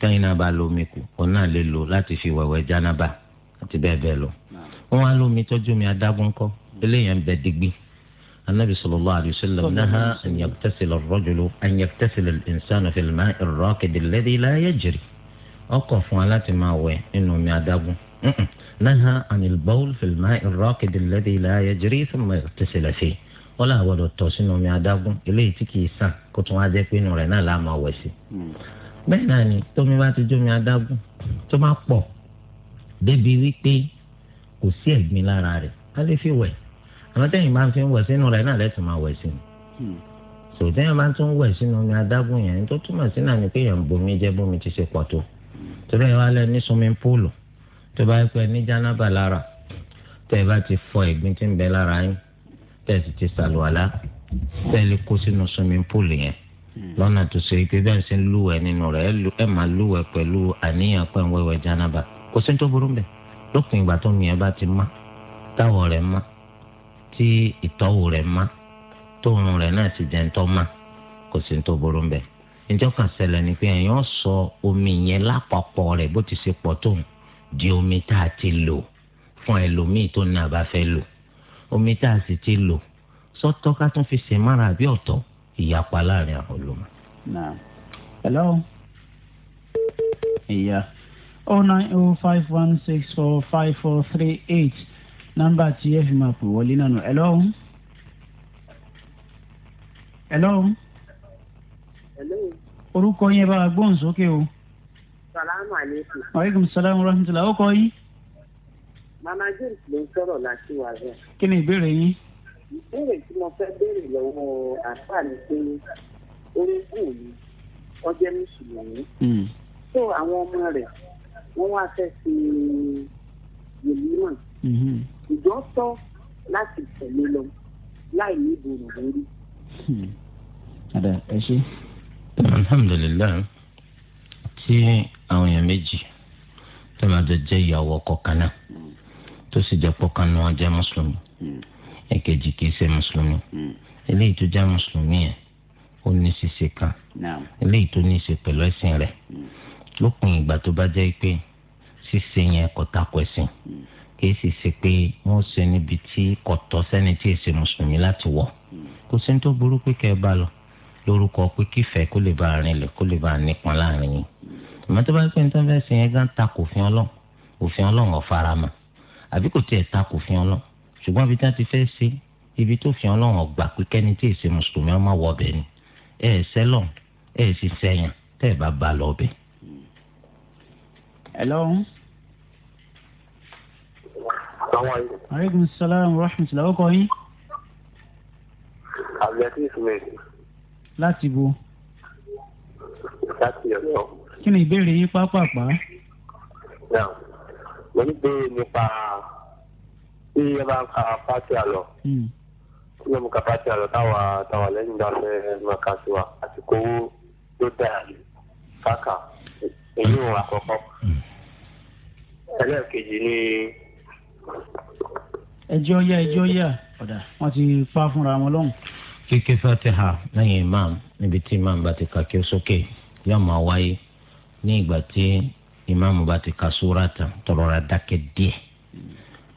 tẹ́yìn náà bá lomi kù òun náà lè lò láti fi wẹ̀wẹ̀ jánábà àti bẹ́ẹ̀ bẹ́ẹ̀ lọ wọ́n á lómi tọ́jú mi adágún kọ́ eléyìí ń bẹ digbí النبي صلى الله عليه وسلم نهى أن يغتسل الرجل أن يغتسل الإنسان في الماء الراكد الذي لا يجري أقف ولا تماوي إنه معدب نهى عن البول في الماء الراكد الذي لا يجري ثم يغتسل فيه ولا هو دكتور إنه معدب إليه تكي سان كنت واجه في لا ما سي بيناني تومي باتي جومي عدب توما pọ̀ débi wípé kò sí ẹ̀gbin lára rẹ̀ àwọn tẹ̀yìn máa fi ń wẹ̀ sínú rẹ̀ náà lẹ́tùn máa wẹ̀ sínú hmm. sòtẹ́yìn máa tún wẹ̀ sínú ní adágún yẹn tó túmọ̀ sí náà ni pé yẹn ń bomi jẹ́ bomi ti ṣe pọ̀ tó torí ẹ wá lẹ ní swimming pool tó bá pẹ́ ní jánábà lára tẹ́ ẹ bá ti fọ ẹ̀gbin tí ń bẹ lára yín tẹ́ ẹ sì ti ṣàlùwàlá tẹ́ ẹ lè kó sínú swimming pool yẹn hmm. lọ́nà tó ṣe pé bẹ́ẹ̀ ṣe ń lúwẹ̀ nínú rẹ̀ ẹ máa lúwẹ̀ pẹ̀lú àníyàn pẹ̀wẹ̀wẹ̀ jánábà kò sí tó burú bẹ́ẹ̀ lópin ìgbà tó mi ẹ bá ti má táwọ̀ rẹ̀ má tí ìtọ́wò rẹ̀ má tóorun rẹ̀ náà sì jẹ́ ńtọ́ má kò sí ní tó burú bẹ́ẹ̀ níjọ́ kan ṣẹlẹ̀ ni pé èèyàn sọ omi yẹn lápapọ̀ rẹ̀ bó ti ṣe pọ̀ tóun di omi tá a ti lò fún ẹlòmíì tó ní àbá lò omi tá a sì ti lò sọ́tọ̀ ká tún fi ṣe mára àbí ọ̀tọ̀ ìyapa láàrin àwọn olùmọ̀. hello ìyá oh nine oh five one six four five four three eight nọ́mbà tí ẹ fi máa pè wọlé náà nù ẹ lọ́hùn. ẹ lọ́hùn. orúkọ yẹn bá gbóhùn sókè o. salaamu aleykum. aleykum salaam wa rahmatulah ó kọ mama james ló ń sọ̀rọ̀ láti wà rẹ̀. kí ni ìbéèrè yín. ìbéèrè tí mo fẹ́ béèrè lọ́wọ́ àpá mi pé orígun mi ọjọ́ mùsùlùmí. Hmm. so àwọn ọmọ rẹ̀ wọ́n wá fẹ́ fi yèlí mọ̀. Mhm. ìjọ sọ láti tẹ̀lé lọ láì ní ìbòrò lórí. Hmm. ada ẹ ṣe. alhamdulilayi tí àwọn èèyàn méjì tó máa jẹ jẹ ìyàwó ọkọ kan náà tó sì jẹ pọkàn náà wọn jẹ mùsùlùmí èkejì hmm. kìí ṣe mùsùlùmí hmm. eléyìí tó jẹ mùsùlùmí yẹn ó ní ṣíṣe kan eléyìí tó ní ṣe pẹ̀lú ẹ̀sìn rẹ̀ lópin ìgbà tó bá jẹ́ pé ṣíṣe yẹn kò takò ẹ̀sìn kìí sì ṣe pé wọ́n ṣe níbi tí kò tọ́ sẹ́ni tí èsì mùsùlùmí láti wọ̀ kò sí ní tó burú pé kẹ́ ẹ bá lọ lórúkọ pé kífẹ̀ẹ́ kó lè bá rìn lẹ̀ kó lè bá nípọn láàrin yìí àmọ́ tó bá pẹ́ ní tó ń fẹ́ ṣe yẹn gán ta kò fi ọlọ́run òfin ọlọ́run ọ̀fara mọ́ àbí kò tiẹ̀ ta kò fi ọlọ́run ṣùgbọ́n ibi tí wọ́n ti fẹ́ ṣe ibi tó fi ọlọ́run ọ̀gbà pé kẹ́ni tí èsì mùsùlùmí ọmọ wọ ọbẹ̀ ni ẹ̀ ẹ̀ sẹ́lọ̀n ẹ̀ sì sẹ́yìn tẹ́ ẹ̀ bá ba lọ ọbẹ̀. ẹ lọ́run asalaamualeykum. aleykum salaam wa rahmatulah ọkọ yín. abdulkati ismail. láti bo. láti ọ̀yọ́. kí ni ìbéèrè yín pápápá. mo ní pé nípa tí ẹ bá ń ka pátí àlọ́ tí ẹ mú ka pátí àlọ́ táwa táwa lẹ́yìn ìgbà fẹ́ máa ka sí wa àti kówó tó dáa káka èyí ò àkọ́kọ́ hmm. ẹlẹ́ẹ̀kejì ni. ẹjọ́ yá ẹjọ́ yá ọ̀dà wọ́n ti pa fúnra wọn lọ́hùn. kíkẹ́ fatiha lẹ́yìn imam níbi tí imam bá ti kà kí ó sókè yóò máa wáyé tí imam bá ti ka súra tán tọrọra dákẹ́ díẹ̀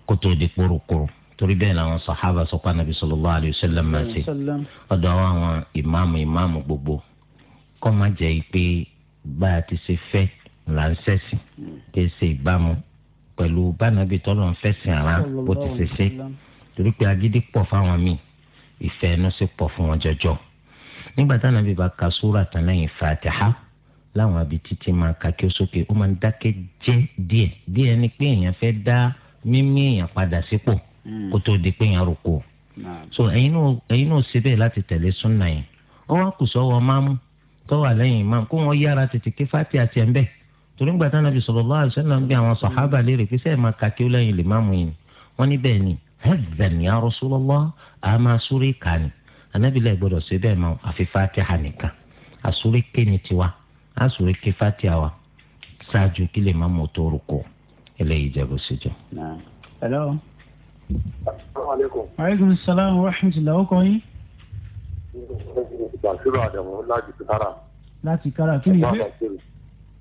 kó tó di kúrúkúrú torí bẹ́ẹ̀ làwọn sàhábà sọ́kọ́ anabi máa ọ̀dọ̀ àwọn imam gbogbo kọ́ máa jẹ́ pé ti ṣe fẹ́ pẹ̀lú bánabi tọ́lọ̀ ń fẹ̀sìn ara bó ti ṣe ṣe torí pé agídí pọ̀ fáwọn míì ìfẹ́ ẹnu sì pọ̀ fún wọn jọjọ. nígbà táwọn àbí bá ka súrà tán lẹ́yìn fàtìhá láwọn àbí títí máa ka kí ó sókè ó máa ń dákẹ́ jẹ́ díẹ̀ díẹ̀ ni pé èèyàn fẹ́ dá mímí èèyàn padà sípò hmm. kó tó di pé èèyàn rúkọ. so ẹ̀yin náà ṣe bẹ́ẹ̀ láti tẹ̀lé súnà yẹn ó wá kù sọ́wọ́ máàmù tọ́wà lẹ́yìn máàmù kó wọ́n yára tètè ké fàtì àti ń bẹ́ẹ̀ torí ńgbà tí Ànábì sallallahu alaihi wasallam ń bí àwọn sàhábà léèrè pé sẹ́ẹ̀ máa kàkí ó lẹ́yìn lè má mu yìí wọ́n ní bẹ́ẹ̀ ni hadhan ya Rasulullah a máa súré kà ní anábìlẹ̀ gbọ́dọ̀ ṣe bẹ́ẹ̀ mọ́ àfi fatiha nìkan àsúré ké ni tiwa àsúré ké fatiha wa ṣáájú kí lè má mu tó rúkọ eléyìí jẹ́ bó ṣe jọ. hello. salaamaleykum. aleykum salaam wa rahmatulah o kò láti kára. kí ni ìbéèrè.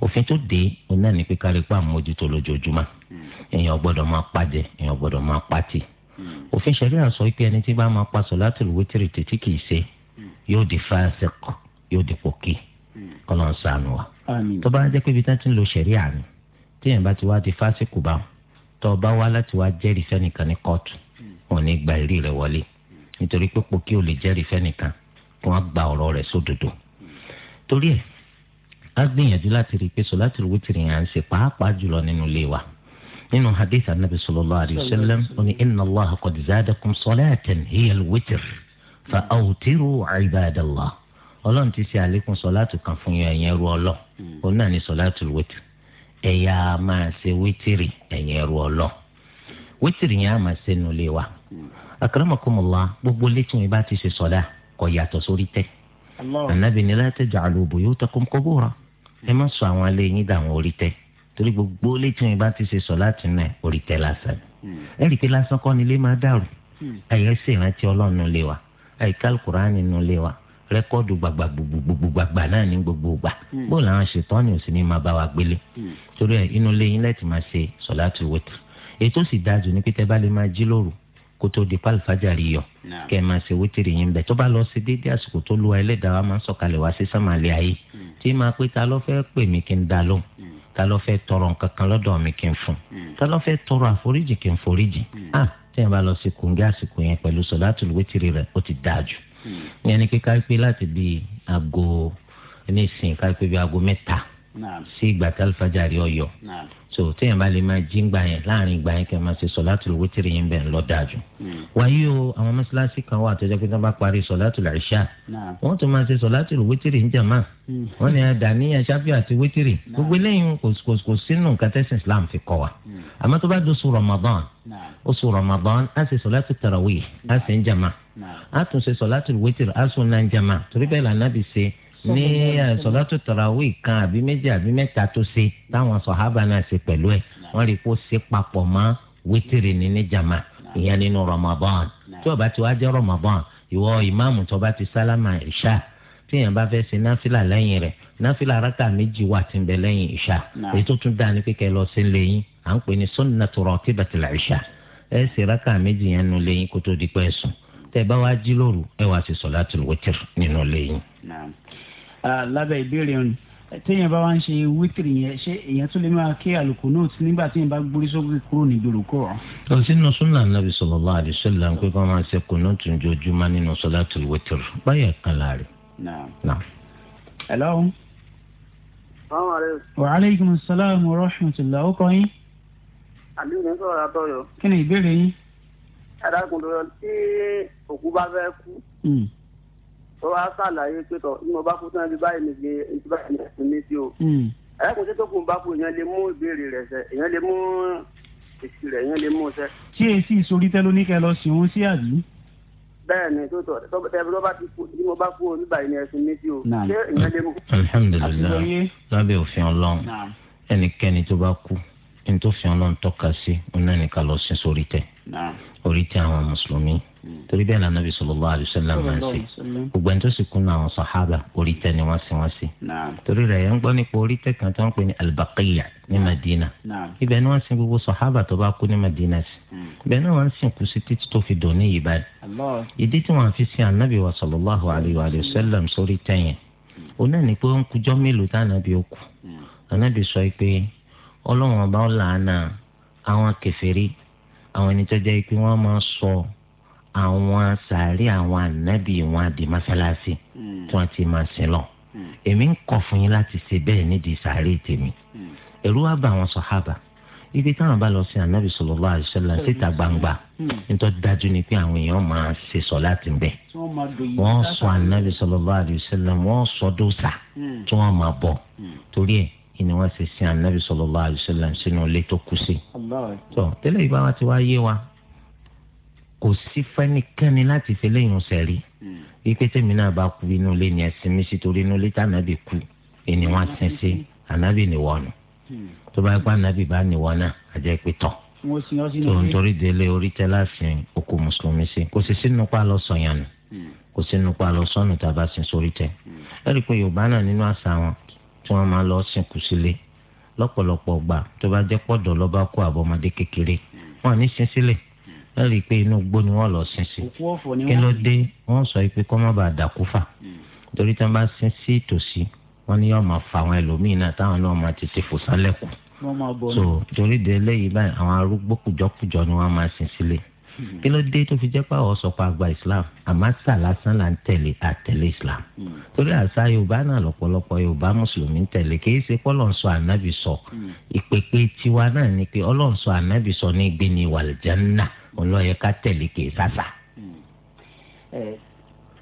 òfin tó dé òun náà ní pé kárí pa àmójútó lójoojúmọ́ hmm. èèyàn gbọ́dọ̀ máa pàjẹ́ èèyàn gbọ́dọ̀ máa pàtì hmm. òfin ṣẹlẹ̀ sọ pé ẹni tí bá máa pa sọ̀látùl wítìrì títí kìí ṣe hmm. yóò di fásik yóò di pòkì kọ́nà sànù wa tó bá jẹ́ pé ibi tá ti ń lo ṣẹ̀rí àná téèyàn bá ti wá di fásik bá tó o bá wá láti wá jẹ́rìí fẹ́nìkan ní kóòtù wọn ní gba ìrí rẹ wọlé nítorí pé pòkì ò lè jẹ́rìí fẹ́nìkan kí wọ́n gba ọ̀rọ̀ rẹ̀ sódodo torí ẹ̀ á gbìyànjú láti rí i pé sọláàtì wítìrì yẹn à ń ṣe pàápàá jùlọ nínú ilé wa nínú hadith anabi sallallahu alayhi wa sallam ó ní inna allah qad zadakum salatan hiya alwitr fa awtiru ibadallah ọlọ́run ti ṣe àlékún sọláàtì kan fún yẹn ẹ̀yẹn ru ọlọ́ hmm. òun náà ní sọláàtì wítìrì ẹ̀yà máa ṣe wítìrì ẹ̀yẹn ru ọlọ́ wítìrì yẹn á máa ṣe nulẹ̀ wa hmm. akramakumullah gbogbo létí ànábì ní la taj'alu buyutakum qubura ẹ má sọ àwọn alẹ́ yín dàwọn orí tẹ torí gbogbo létí wọn bá ti ṣe sọ láti náà orí tẹ lásán hmm. ẹ rí i pé lásán kọ́ ni ilé máa dàrú hmm. ẹ̀yẹ sì rántí ọlọ́run lé wa àyíká alukur'an nínú lé wa rẹ́kọ́ọ̀dù gbàgbà gbogbogbò gbàgbà náà ní gbogbo gbà hmm. bóun làwọn ṣetán ni òsì ní máa bá wa gbélé torí ẹ inú lé yín lẹ́tì máa ṣe sọ láti wẹ̀tì ètò sì dájú ní pété bá lè máa jí lóru kó tó di pálífàjàrí yọ kẹ ẹ máa ṣe wítìrì yín bẹ tó bá lọ sí dédé àsìkò tó lu ẹlẹ́dàá wa máa ń sọ̀kalẹ̀ wá sí sàmàlẹ́ ayé hmm. tí máa pé ta ló fẹ́ pè mí kí n dá lóhùn hmm. ta ló fẹ́ tọrọ nǹkan kan lọ́dọ̀ mi kí n fún hmm. ta ló fẹ́ tọrọ àforíjì kí n foríjì ah tẹ́yìn bá lọ sí kùngé àsìkò yẹn pẹ̀lú sọ̀dátù wítìrì rẹ̀ ó ti dáa jù yẹn ni kíkà pé láti bíi aago ní ìsìn ká bíi aago mẹ́ta sí ìgbà tálífàjà rí ọyọ so téèyàn bá lè máa jí gbà yẹn láàrin gbà yẹn kẹ máa ṣe sọ̀látùl wítìrì yẹn bẹ́ẹ̀ lọ dáa jù. Hmm. wáyé o àwọn mọ́ṣáláṣí kan wà tó jẹ́ pé tí wọ́n bá parí sọ̀látùl ìṣà wọ́n tún máa ṣe sọ̀látùl wítìrì ń wọ́n ní àdáníyàn ṣáfì àti wítìrì gbogbo eléyìí kò sínú nǹkan tẹ́sán Islam fi kọ́ wa. Hmm. àmọ́ tó bá doṣù Ramadan oṣù Ramadan á ṣe sọ̀látùl tarawih á ṣe ń jàmá á tún ṣe sọ̀látùl wítìrì á sùn náà ń torí bẹ́ẹ̀ lànà bí ṣe ní sọlátù tàràwí kan àbí méjì àbí mẹ́ta tó ṣe táwọn sọ̀hábà náà ṣe pẹ̀lú ẹ̀ wọ́n rí i kó ṣe papọ̀ mọ́ wítìrì ní ní jàmá ìyẹn nínú Ramadan tí ó bá ti wá jẹ́ Ramadan ìwọ ìmáàmù tó bá ti sálámà ìṣá tíyẹn bá fẹ́ ṣe náfìlà lẹ́yìn rẹ̀ náfìlà rákà méjì wà tí ń bẹ lẹ́yìn ìṣá èyí tó tún dáa ní kíkẹ́ lọ sí lẹ́yìn à ń pè ní sunnatu ratibatil ìṣá ẹ ṣe rákà méjì yẹn nu lẹ́yìn kó tó di pẹ́ sùn tẹ́ bá wá jí lóru ẹ wá ṣe solatul witr nínú lẹ́yìn lábẹ́ ìbéèrè rìn téèyàn bá wá ń ṣe wítìrì yẹn ṣé èèyàn tún lè máa ké àlùkùnúùtù nígbà téèyàn bá gbórí sókè kúrò nígboro kó rọ. lọ sínú súnà nàbì sallallahu alaihi wasallam pé kí wọn máa ṣe kùnúùtù ojoojúmọ́ nínú sọláàtì wítìrì báyà kan láàrin. hello. wa aleykum salaam wa rahmatulah ó kọ yín. àbíyẹn sọ̀rọ̀ àtọ̀yọ̀. kí ni ìbéèrè yín. ẹ̀dá kùn tó yọ tí òkú bá fẹ́ kú. Hmm ó wá ṣàlàyé pé tọ̀ ní mo bá kú tán ibi báyìí mi gbé ibi báyìí mi sì mí sí o. Hmm. ẹ̀kún tó kún bá kú èèyàn lè mú ìbéèrè rẹ̀ sẹ́ èèyàn lè mú èsì rẹ̀ èèyàn lè mú sẹ́. tí èsì ìsorí tẹ́lú ní kẹ́ lọ sí owó sí àbí. bẹ́ẹ̀ ni tó tọ̀ tẹ́bí tó bá ti kú ní mo bá kú omi báyìí ni ẹ̀sìn mi sí o. ṣé èèyàn lè mú. alhamdulilayi lábẹ́ òfin ọlọ́run ẹnikẹ́ni tó bá kú ní tó fi ọlọ́run tọ́ka sí ọ̀nà nìkan lọ sí sórí tẹ̀ àwọn mùsùlùmí Hmm. torí bẹ́ẹ̀ náà nàbì sallallahu alaihi wasallam máa ń ṣe gbogbo ẹni tó sì kún àwọn sàhábà orí tẹ ni wọ́n sì wọ́n sí. torí rẹ̀ yẹn ń gbọ́ nípa orí tẹ kan tó ń pè ní albaqiya ní madina ibẹ̀ ni wọ́n sin gbogbo sàhábà tó bá kú ní madina sí hmm. ibẹ̀ náà wọ́n sin kú sí títí tó fi dùn ní ìbàdí. ìdí tí wọ́n fi sin anabi wa sallallahu alaihi wasallam sórí tẹ yẹn òun náà ní pé ó ń kujọ́ mélòó tá àwọn sàárè àwọn ànábì wọn àdè mọ́sálásí hmm. tí wọ́n ti máa sin lọ. Hmm. èmi ń kọ̀ fún yín láti ṣe bẹ́ẹ̀ nídìí sàárè tèmi. Hmm. ẹ̀rú wa bá àwọn sọ̀hábà ibi táwọn bá lọ sí ànábì sallallahu alaihi wasallam síta gbangba nítorí dájú ni pé àwọn èèyàn máa ṣe sọ láti bẹ̀. wọ́n sọ ànábì sallallahu alaihi wasallam wọ́n sọ dóòsà tí wọ́n máa bọ̀ torí ẹ̀ ni wọ́n ṣe sin ànábì sallallahu alaihi wasallam sínú ilé tó kú sí kò sí fẹ́nikẹ́ni láti fi léyìn sẹ́rí hmm. wípé tèmi náà bá kú inú ilé ni ẹ̀sìn mi sí torí inú ilé tí ànábì kú ènì wọn sin sí ànábì níwọ̀nù hmm. tó bá gbá ànábì bá níwọ̀n náà àjẹ́ pé tọ̀ tó ń torí délé orí tẹ́lá sin òkú mùsùlùmí sí kò sì sínú pa lọ sọ̀yàn nù hmm. kò sínú pa lọ sọ́nù tá a bá sin sórí tẹ ẹ̀rí pé yorùbá náà nínú àṣà wọn tí wọ́n máa lọ sìnkú sílé lọ́pọ̀lọpọ̀ gbà tó bá jẹ́ pọ̀dọ̀ lọ́ba kó àbọ̀mọdé kékeré wọn ní sin sílé. Mm ẹ rí i pé inú igbó ni wọ́n lọ sin sí kí ló dé wọ́n sọ pé kọ́ má bàa dàkú fà hmm. torí tí wọ́n bá sin sí tòsí wọ́n ní yóò máa fa àwọn ẹlòmíín náà táwọn náà máa tètè fò sálẹ̀kùn so torí de eléyìí báyìí àwọn arúgbó kùjọkùjọ ni wọ́n máa sin sílẹ̀ hmm. kí ló dé tó fi jẹ́ pé àwọn sọ̀kọ̀ àgbà islam àmọ́ àṣà lásán là ń tẹ̀lé àtẹ̀lé islam hmm. torí àṣà yorùbá náà lọ́pọ̀lọpọ̀ yorùbá mùsùlùmí ń tẹ̀lé kì í ṣe pé ọlọ́run sọ ànábì sọ ìpèpè tiwa náà ni pé ọlọ́run sọ ní gbéni wàlìjánná ọlọ́yẹ ká tẹ̀lé kè é sàṣà.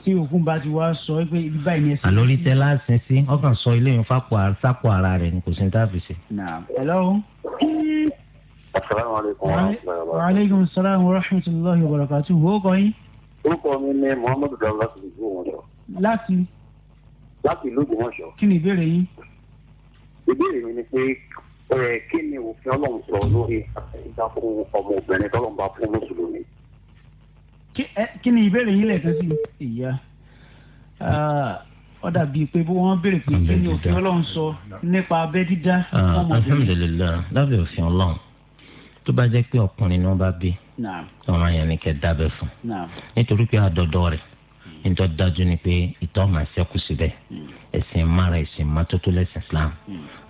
tí òkun bá ti wá sọ pé ibi báyìí ni ẹsẹ̀. àlórí tẹ láàṣẹ sí ọkàn sọ ilé yẹn sápò ara rẹ ni kò sí ní táàbì ṣe. hello. asalaamualeykum wa rahmatulahi wa barakatuh. wa aleykum salaam wa rahmatulahi wa barakatuh. wo kọ́ yín. orúkọ mi ni muhammadu dawuda láti ìlú Ògbómọ̀ṣọ́. láti. láti ìlú Ògbómọ̀ṣọ́. kí ni ìbéèrè yín. ìbéèrè mi ni pé ẹ kí ni òfin Ọlọ́run sọ lórí ìgbà fún ọmọbìnrin tọ́lọ́run bá fún mùsùlùmí. kí ni ìbéèrè yín lẹ́ẹ̀kan sí ìyá ah, ó dàbí pé bí wọ́n béèrè pé kí ni òfin Ọlọ́run sọ nípa abẹ́ dídá ah, ọmọbìnrin. alhamdulilayi lábẹ́ òfin Ọlọ́run tó bá jẹ́ pé ọkùnrin náà bá bí ọ̀ràn yẹn ni kẹ́ dábẹ́ fún nítorí pé àdọ́dọ́ rẹ̀ hmm. nítorí dájú ni pé ìtọ́ máa ṣẹ́kù síbẹ̀ hmm. ẹ̀sìn mara ẹ̀sìn mọ́tótó lẹ́sìn Islam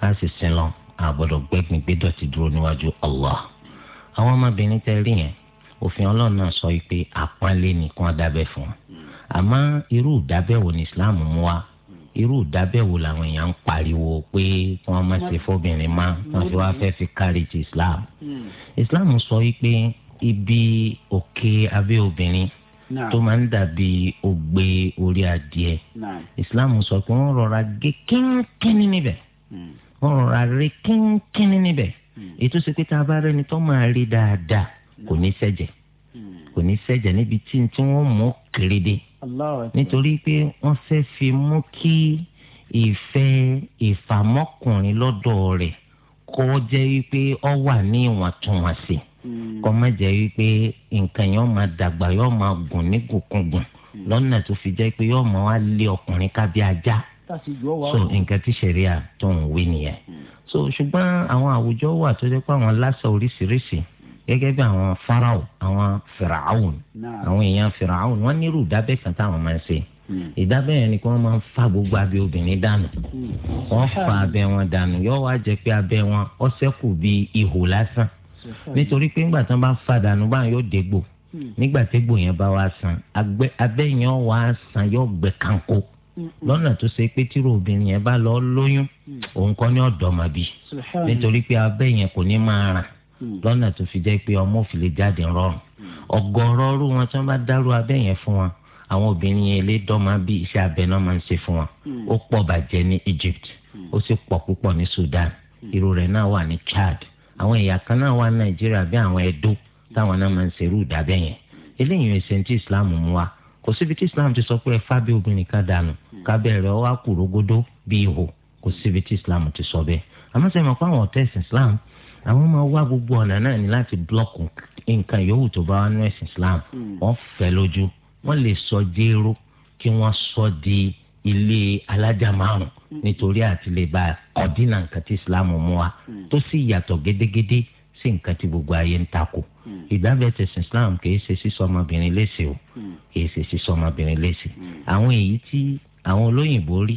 á hmm. sin lọ́n àgbọ́dọ̀ gbẹ́gbin gbé dọ̀tí dúró níwájú Allah àwọn ọmọbìnrin tẹ rí yẹn òfin Ọlọ́run náà sọ pé àpọ́nlé ni kí wọ́n dábẹ́ fún wọn àmọ́ irú ìdábẹ́wò ní Islam mú wa irú ìdábẹ́wò làwọn èèyàn ń pariwo pé kí wọ́n má ṣe fọ́bìnrin má wọ́n fi wá fẹ́ fi kárí ti Islam Islam sọ pé ibi òkè abẹ́ obìnrin tó máa ń dàbí ògbé orí adìẹ Islam sọ pé wọ́n rọra gé kínkínní níbẹ̀. Hmm wọn rọra rí kínkínní níbẹ̀ hmm. ètò ṣe pé tá a bá rẹ́ni tó máa rí dáadáa hmm. kò ní sẹ́jẹ̀ hmm. kò ní sẹ́jẹ̀ níbi tí tí wọ́n mú kéréde nítorí pé wọ́n fẹ́ fi mú kí ìfẹ́ ìfàmọ́kùnrin lọ́dọ̀ rẹ̀ kó jẹ́ wípé ọ wà ní ìwọ̀ntúnwọ̀nsì kó má jẹ́ wípé nǹkan yẹn máa dàgbà yóò máa gùn ní gùnkùngùn lọ́nà tó fi jẹ́ pé yóò máa wá lé ọkùnrin ká so nǹkan tí sẹ̀ríà tó ń wí nìyẹn so ṣùgbọ́n àwọn àwùjọ wà tó jẹ́ pé àwọn lásà oríṣiríṣi gẹ́gẹ́ bí àwọn farao àwọn fìràhùn àwọn èèyàn fìràhùn wọ́n nírú ìdábẹ́ kan táwọn máa ń ṣe hmm. ìdábẹ́ yẹn ni kí wọ́n máa ń fa gbogbo abẹ́ obìnrin dànù hmm. wọ́n fa abẹ́ wọn dànù yóò wá jẹ́ pé abẹ́ wọn ó ṣẹ́kù bí ihò lásán nítorí pé nígbà tí wọ́n bá fa dànù báyìí yóò dégbò hmm. nígbà tégbò yẹn bá wá san abẹ́ yẹn wá san yóò gbẹ kanko lọ́nà tó ṣe pé tírò obìnrin yẹn bá lọ lóyún hmm. òun kọ́ ní ọ̀dọ́ mà bí nítorí pé abẹ́ yẹn kò ní máa ràn hmm. lọ́nà tó fi jẹ́ pé ọmọ òfin lè jáde rọrùn hmm. ọ̀gọ̀ọ̀rọ̀ ọrú wọn tí wọ́n bá dárú abẹ́ yẹn fún wọn àwọn obìnrin yẹn lè dọ́mọ iṣẹ́ abẹ náà máa ń ṣe fún wọn ó pọ̀ bàjẹ́ ní Egypt ó sì pọ̀ púpọ̀ ní Sudan irú rẹ̀ náà wà ní Chad àwọn ẹ̀yà kan náà wà ní Nàìjíríà bí àwọn Ẹdó táwọn náà máa ń ṣerú ìdábẹ́ yẹn eléyìí ẹ̀sìn tí Islam mú wa kò síbi tí islam ti sọ pé ẹ fábẹ́ obìnrin kan dànù kábẹ́ rẹ̀ wá kú rógódó bíi ihò kò síbi tí islam ti sọ bẹ́ẹ̀ àmọ́ sẹ́yìn mọ̀ pé àwọn ọ̀tẹ́ islam àwọn máa wá gbogbo ọ̀nà náà ní láti blọ́ọ̀kù nǹkan yòówù tó bá wà nínú islam hmm. wọ́n fẹ́ lójú wọ́n lè sọ jéró kí wọ́n sọ di ilé alájà márùn hmm. nítorí àti lè ba ọ̀dínà nǹkan tí islam mú wa hmm. tó sì yàtọ̀ gédégédé sí nǹkan tí gbogbo ayé ń takò hmm. ìdábẹ́tẹ̀ islam kìí ṣe sísọ ọmọbìnrin léṣe o hmm. kìí ṣe sísọ ọmọbìnrin léṣe hmm. àwọn èyí tí àwọn olóyìnbó rí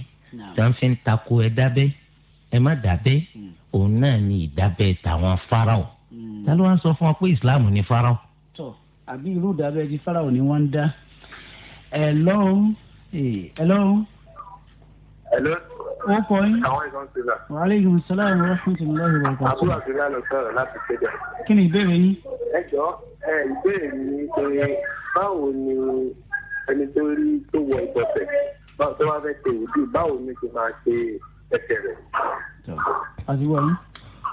tá ń fi ń takò ẹ dábẹ́ ẹ má dábẹ́ òun náà ni ìdábẹ́ tàwọn farao ta ló wá ń sọ fún wa pé islam ni farao. tọ àbí irú ìdábẹ́ di farao ni wọ́n ń dá ẹ lọ́rùn eh, ẹ lọ́rùn. Hello. Wọ́n kọ yín. Àwọn ìkan ti là. Wa alaikum salaam wa rahmatullahi wa barakatuh. Àbúrò àti Lálọ sọ̀rọ̀ láti Kéjà. Kí ni ìbéèrè yín? Ẹ jọ ẹ ìbéèrè mi ni pé báwo ni ẹni tó rí tó wọ ìbọ̀sẹ̀ tó wá fẹ́ ṣe ìdí báwo ni ṣe máa ṣe ẹsẹ̀ rẹ̀? Àti wọ̀ yín.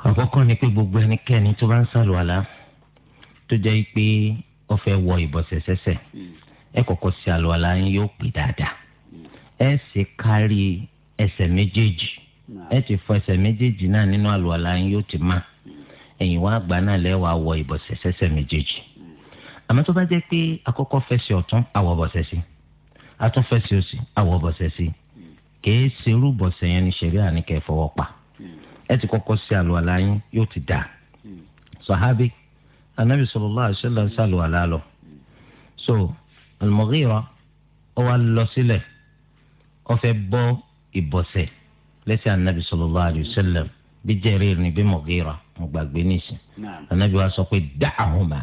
Àkọ́kọ́ ni pé gbogbo ẹnikẹ́ni tó bá ń sàlùwàlá tó jẹ́ pé ó fẹ́ wọ ìbọ̀sẹ̀ sẹ́sẹ̀ ẹ kọ́kọ́ ṣe àlùwàlá yín yóò pè dáadáa ẹ ṣe kárí ẹsẹ̀ méjèèjì ẹ ti fọ ẹsẹ̀ méjèèjì náà nínú àlùwàlá yín yóò ti má ẹ̀yìn wá gbà náà lẹ́wàá wọ ìbọ̀sẹ̀ sẹ́sẹ̀ méjèèjì àmọ́ tó bá jẹ́ pé akọ́kọ́ fẹsẹ̀ ọ̀tún àwọ̀ bọ̀sẹ̀ sí atúnfẹsẹ̀ òsì àwọ̀ bọ̀sẹ̀ sí kìí ṣerú bọ̀sẹ̀ yẹn ní ṣẹ̀rí àníkẹ́ fọwọ́ pa ẹ ti kọ́kọ́ ṣe yín yóò ti dà sọ̀hábì anabi sallallahu alaihi wasallam ṣàlùwàlá lọ so Al-Mughira ó lọ sílẹ̀ ọfẹ bọ́ ìbọ̀sẹ̀ lẹ́sẹ̀ anabi sallallahu alayhi wa sallam bí Jarir ni bí Mughira mo gbàgbé nìsín anabi wa sọ pé da'ahuma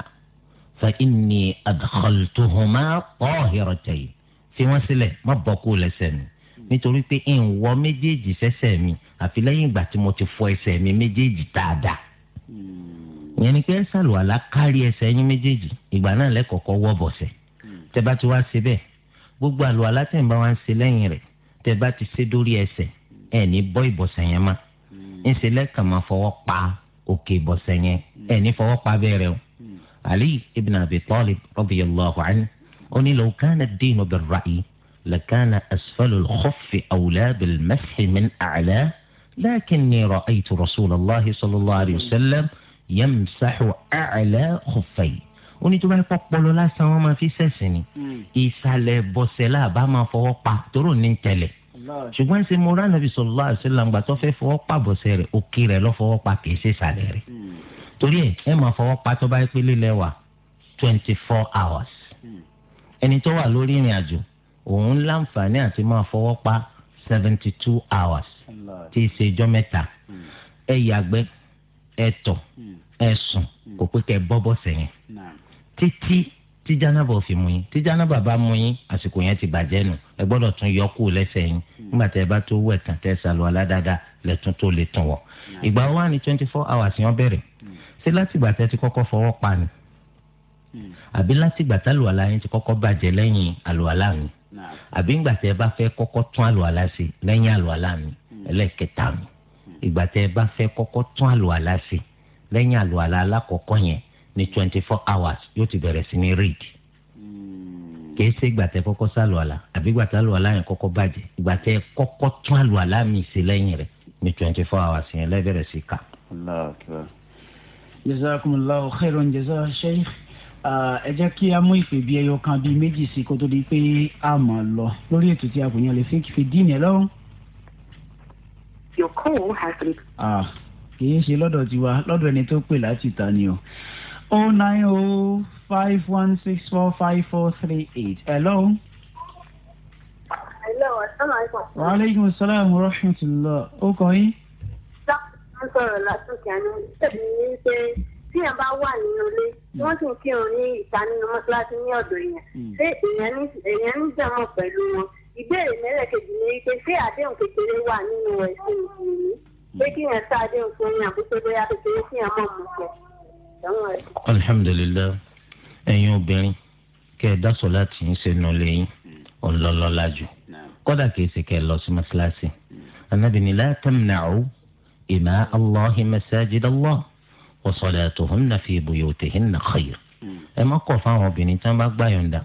fa inni adkhaltuhuma tahiratayn fi wọ́n sílẹ̀ má bọ́ kó lẹ́sẹ̀ mi nítorí pé ìwọ méjèèjì sẹ́sẹ̀ mi àfi lẹ́yìn ìgbà tí mo ti fọ ẹsẹ̀ mi méjèèjì dáadáa hmm. ìyẹn ni pé ṣàlùwàlá kárí ẹsẹ̀ yín méjèèjì ìgbà náà lẹ́kọ̀ọ́kọ́ wọ́ bọ̀sẹ̀ hmm. tẹ́ bá ti wá ṣe bẹ́ẹ̀ gbogbo àlùwàlá tẹ̀ ń bá wá ń ṣe lẹ́yìn rẹ̀ tẹ bá ti ṣe dórí ẹsẹ̀ ẹ ní bọ́ ìbọ̀sẹ̀ yẹn ma ń ṣe lẹ́kàn máa fọwọ́ pa òkè ìbọ̀sẹ̀ yẹn ẹ ní fọwọ́ pa bẹ́ẹ̀rẹ̀ o ali ibn abi talib radiyallahu anhu ó ní lo kana ad-dinu bir-ra'yi kana asfalu al-khuffi awla bil-mashi min a'la lakinni ra'aytu rasulallahi sallallahu alayhi wa sallam yamsahu a'la khuffayhi. ó ní tó bá pọ̀ pọlọ lásán wọn máa fi sẹ̀sìn ni hmm. ìsàlẹ̀ bọ̀sẹ̀ làbá máa fọwọ́ pa tóró ní tẹ̀lẹ̀ ṣùgbọ́n ṣe mo rán nàbì sallallahu alaihi wasallam tó fẹ́ fọwọ́ pa bọ̀sẹ̀ rẹ̀ òkè rẹ̀ lọ́ fọwọ́ pa kì í ṣe ìsàlẹ̀ rẹ̀ hmm. torí ẹ̀ ẹ̀ máa fọwọ́ pa tó bá pé lílẹ̀ wà twenty four hours hmm. ẹni tó wà lórí ìrìn àjò òun láǹfààní àti máa fọwọ́ pa seventy two hours tí í ṣe ìjọ́ mẹ́ta ẹ yàgbẹ́ ẹ tọ̀ ẹ sùn kò pé kẹ́ bọ́ bọ́sẹ̀ yẹn títí tí jánábà fi mú yín tí jánábà bá mú yín àsìkò yẹn ti bàjẹ́ nù ẹ gbọ́dọ̀ tún yọ lẹ́sẹ̀ yín hmm. nígbà tẹ́ ẹ bá tó wẹ̀ tán tẹ́ ẹ sàlù aládàáda lẹ́tún tó lè tàn wọ̀. Hmm. ìgbà wa ni twenty four hours yẹn bẹ̀rẹ̀ hmm. ṣé láti ìgbà tẹ́ ti kọ́kọ́ fọwọ́ pa ni àbí láti ìgbà tá àlùwàlá yín ti kọ́kọ́ bàjẹ́ lẹ́yìn àlùwàlá mi àbí ìgbà tẹ́ ẹ bá fẹ́ kọ́kọ́ tún àlùwàlá ṣe lẹ́yìn àlùwàlá mi ẹlẹ́kẹta mi ìgbà tẹ́ ẹ bá fẹ́ kọ́kọ́ tún àlùwàlá ṣe lẹ́yìn àlùwàlá alákọ̀ọ́kọ́ yẹn ní twenty four hours yóò ti bẹ̀rẹ̀ sí ní read hmm. kìí ṣe ìgbà tẹ kọ́kọ́ sàlùwàlà àbí ìgbà tẹ àlùwàlà yẹn kọ́kọ́ bàjẹ́ ìgbà tẹ tún àlùwàlà mi ṣe lẹ́yìn rẹ̀ ní twenty four hours yẹn lẹ́bẹ̀rẹ̀ sí kà. jazakumullahu khairan jaza sheikh ẹ jẹ́ kí a mú ìpè bí ẹyọ kan bíi méjì sí kó tó di pé a máa lọ lórí ètò tí a kò yan lè fi fi dín yẹn lọ́rùn. your call has been. kì í ṣe lọ́dọ̀ tiwa lọ́dọ̀ ẹni tó pè láti ta ni o oh nine oh five one six four five four three eight. hello. hello asalaamualeykum. wa aleykum salaam wa rahmatulah. ó kọ́ yín. sọ́kùnrin sọ̀rọ̀ lásìkò àná tẹ̀lé ní pé tí èèyàn bá wà nínú ilé hmm. wọ́n sì ń kírun ní ìta nínú mọ́ṣáláṣí ní ọ̀dọ̀ èèyàn hmm. ṣé èèyàn ń jẹ̀mọ̀ pẹ̀lú wọn ìbéèrè mẹ́rẹ̀kejì ni wípé ṣé àdéhùn kékeré wà nínú ẹ̀sìn ìsinmi pé kí èèyàn sá àdéhùn tó yàn kó tó bóyá kékeré kí èèyàn mọ̀ mọ̀ pọ̀ alhamdulilayi ẹ̀yin obìnrin kẹ́ ẹ dá sọ̀láàtì yín sẹ́nu lẹ́yìn ọ̀lọ́lọ́lá jù kódà kìí ṣe kẹ́ ẹ lọ sí mọ́ṣáláṣí Ànábì ní la tamna'u ima Allahi masajid Allah wa salatuhunna fi buyutihinna khayr ẹ má kọ̀ fáwọn obìnrin tí wọ́n bá gbà yọ̀ǹda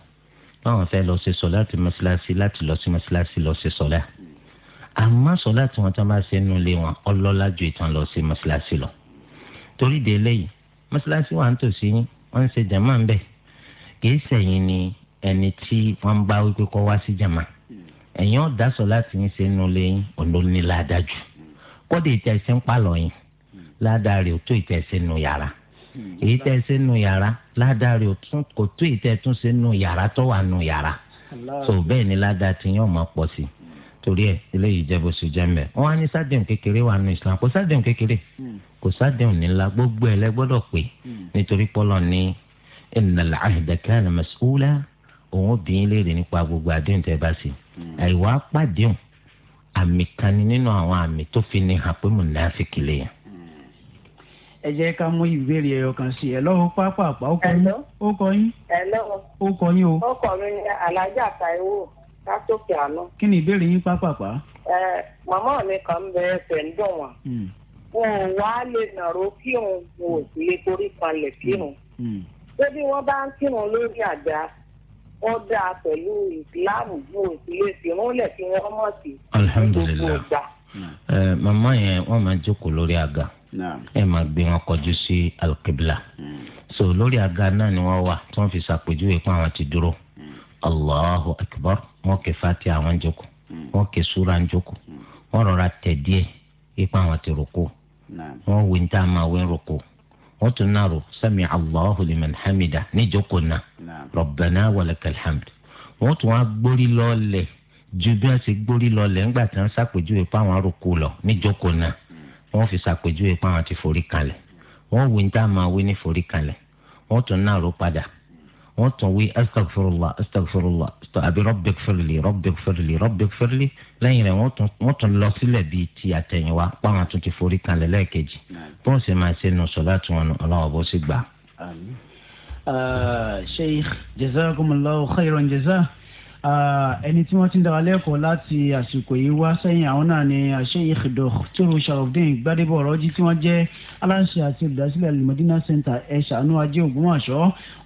báwọn fẹ́ lọ sí sọ̀láàtì mọ́ṣáláṣí láti lọ sí mọ́ṣáláṣí lọ sí sọ̀lá àmọ́ sọ̀láàtì wọn tí wọ́n bá ṣe nulẹ̀ wọn ọlọ́lá ju ìtàn lọ sí mọ́ṣáláṣí lọ torí de eléyìí mọ́ṣáláṣí wà ń tòsí yín wọ́n ń ṣe jàmá ń bẹ̀ kìí sẹ̀yìn ni ẹni tí wọ́n bá wípé kọ́ wá sí jàmá ẹ̀yìn ọ̀dà sọ láti yín ṣe nù lẹ́yìn olóní ládàjù kọ́dé ìtẹ̀ ṣe ń pàlọ́ yín ládàrí òtó ìtẹ̀ ṣe nù yàrá èyí tẹ́ ṣe nù yàrá ládàrí òtún kò tó ìtẹ̀ tún ṣe nù yàrá tó wà nù yàrá tó bẹ́ẹ̀ ni ládàá ti yín ọ̀ torí ẹ eléyìí jẹ bó ṣe jẹ mẹ wọn á ní sádẹm kékeré wà nínú islam kò sádẹm kékeré hmm. kò sádẹm nílá gbogbo ẹ lẹgbọdọ hmm. pé nítorí pọlọ ní innal ahda kana mas'ula òun obìnrin léèrè nípa gbogbo àdéhùn tẹ bá sí hmm. àìwá pàdéhùn àmì kan ni nínú àwọn àmì tó fi ní hàn pé mùnáfíkì lèèyàn. ẹ jẹ́ ká mú ìbéèrè ẹ̀yọ̀ kan sí ẹ lọ́wọ́ pápá àpá ó kọ yín ó kọ yín ó kọ yín o. ó kọ mi ní alájà Táíwò látòkè àná. kí ni ìbéèrè yín pápápá. ẹ màmá mi kan bẹ ẹsẹ̀ ń dùn wọn. Hmm. wọn ò wá lè nàró kírun wọn ò sì lè forí kanlẹ̀ kírun. pé hmm. hmm. bí wọ́n bá ń kírun lórí àga wọ́n dáa pẹ̀lú ìsìláàmù wọn ò sì lè fìrún lẹ̀ kí wọ́n mọ̀ sí. alhamdulilayi màmá yẹn wọ́n máa jókòó lórí àga ẹ máa gbé wọn kọjú sí alkebla so lórí àga náà ni wọ́n wà tí wọ́n fi ṣàpèjúwe pé àwọn ti dúró allahu akbar wọn kẹ fati àwọn jókòó wọn kẹ sura jókòó wọn rọra tẹ díẹ̀ ipa àwọn ti roko wọn wo níta máa wẹ roko wọn tún náà ro sami allahu liman hamida ní jókòó náà rabbana walakal hamd wọn tún wá gbórí lọlẹ ju bí wọn ti gbórí lọlẹ ńgbà tí wọn ṣàpèjúwe pa àwọn roko lọ ní jókòó náà wọn fi ṣàpèjúwe pa àwọn ti forí kalẹ̀ wọn wo níta máa wẹ ní forí kalẹ̀ wọn tún náà ro padà wọ́n tún wí astagfirullah astagfirullah àbí rọ́bì fẹ́rẹ̀lì rọ́bì fẹ́rẹ̀lì rọ́bì fẹ́rẹ̀lì lẹ́yìn rẹ̀ wọ́n tún lọ sílẹ̀ bíi ti àtẹ̀yìnwá páwọn tún ti forí kanlẹ̀ lẹ́ẹ̀kejì bọ́n sì máa ṣe nù sọ láti wọn ọlọ́wọ́ bó sì gbà. Uh, sheikh jazakumullahu khairan jazaa ẹni tí wọ́n ti ń dára lẹ́kọ̀ọ́ láti àsìkò yìí wá sẹ́yìn àwọn náà ni Sheikh Dókítà Sharafdeen Gbadebo Ọ̀rọ̀jí tí wọ́n jẹ́ aláṣẹ àti olùdásílẹ̀ Al-Madina Center ẹ̀ṣánú ajé Ògbómọ̀ṣọ́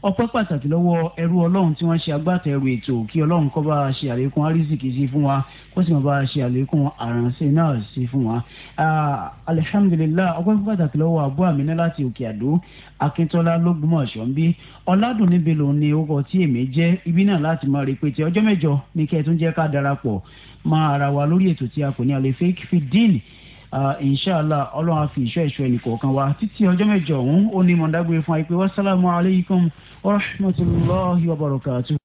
ọpẹ́ pàtàkì lọ́wọ́ ẹrú ọlọ́run tí wọ́n ṣe agbátẹrù ètò kí ọlọ́run kó bá ṣe àlékún àrísìkì sí fún wa kó sì máa bá ṣe àlékún àránṣe náà sí fún wa. alihamdulilayi ọpẹ́ pàtàkì lọ́wọ́ abu amina láti òkè àdó akíntọ́lá lógbómọ̀ṣọ́ ń bí ọ̀làdùn níbi lòun ni ó tí èmi jẹ́ ibi náà láti máa rí pété ọjọ́ mẹ́jọ ní kẹ́ ẹ̀ tún jẹ́ ká darapọ̀ máa ara wa lórí ètò tí a kò ní alẹ́ fake fidin inshàlá ọlọ́run á fi ìṣọ́ ìṣọ́ ẹnì kọ̀ọ̀kan wa títí ọjọ́ mẹ́jọ ọ̀hún ó ní mọ̀ndágbére fún wa pé wàsálàmù alaykum wa rahmatulahi wa barakatuh.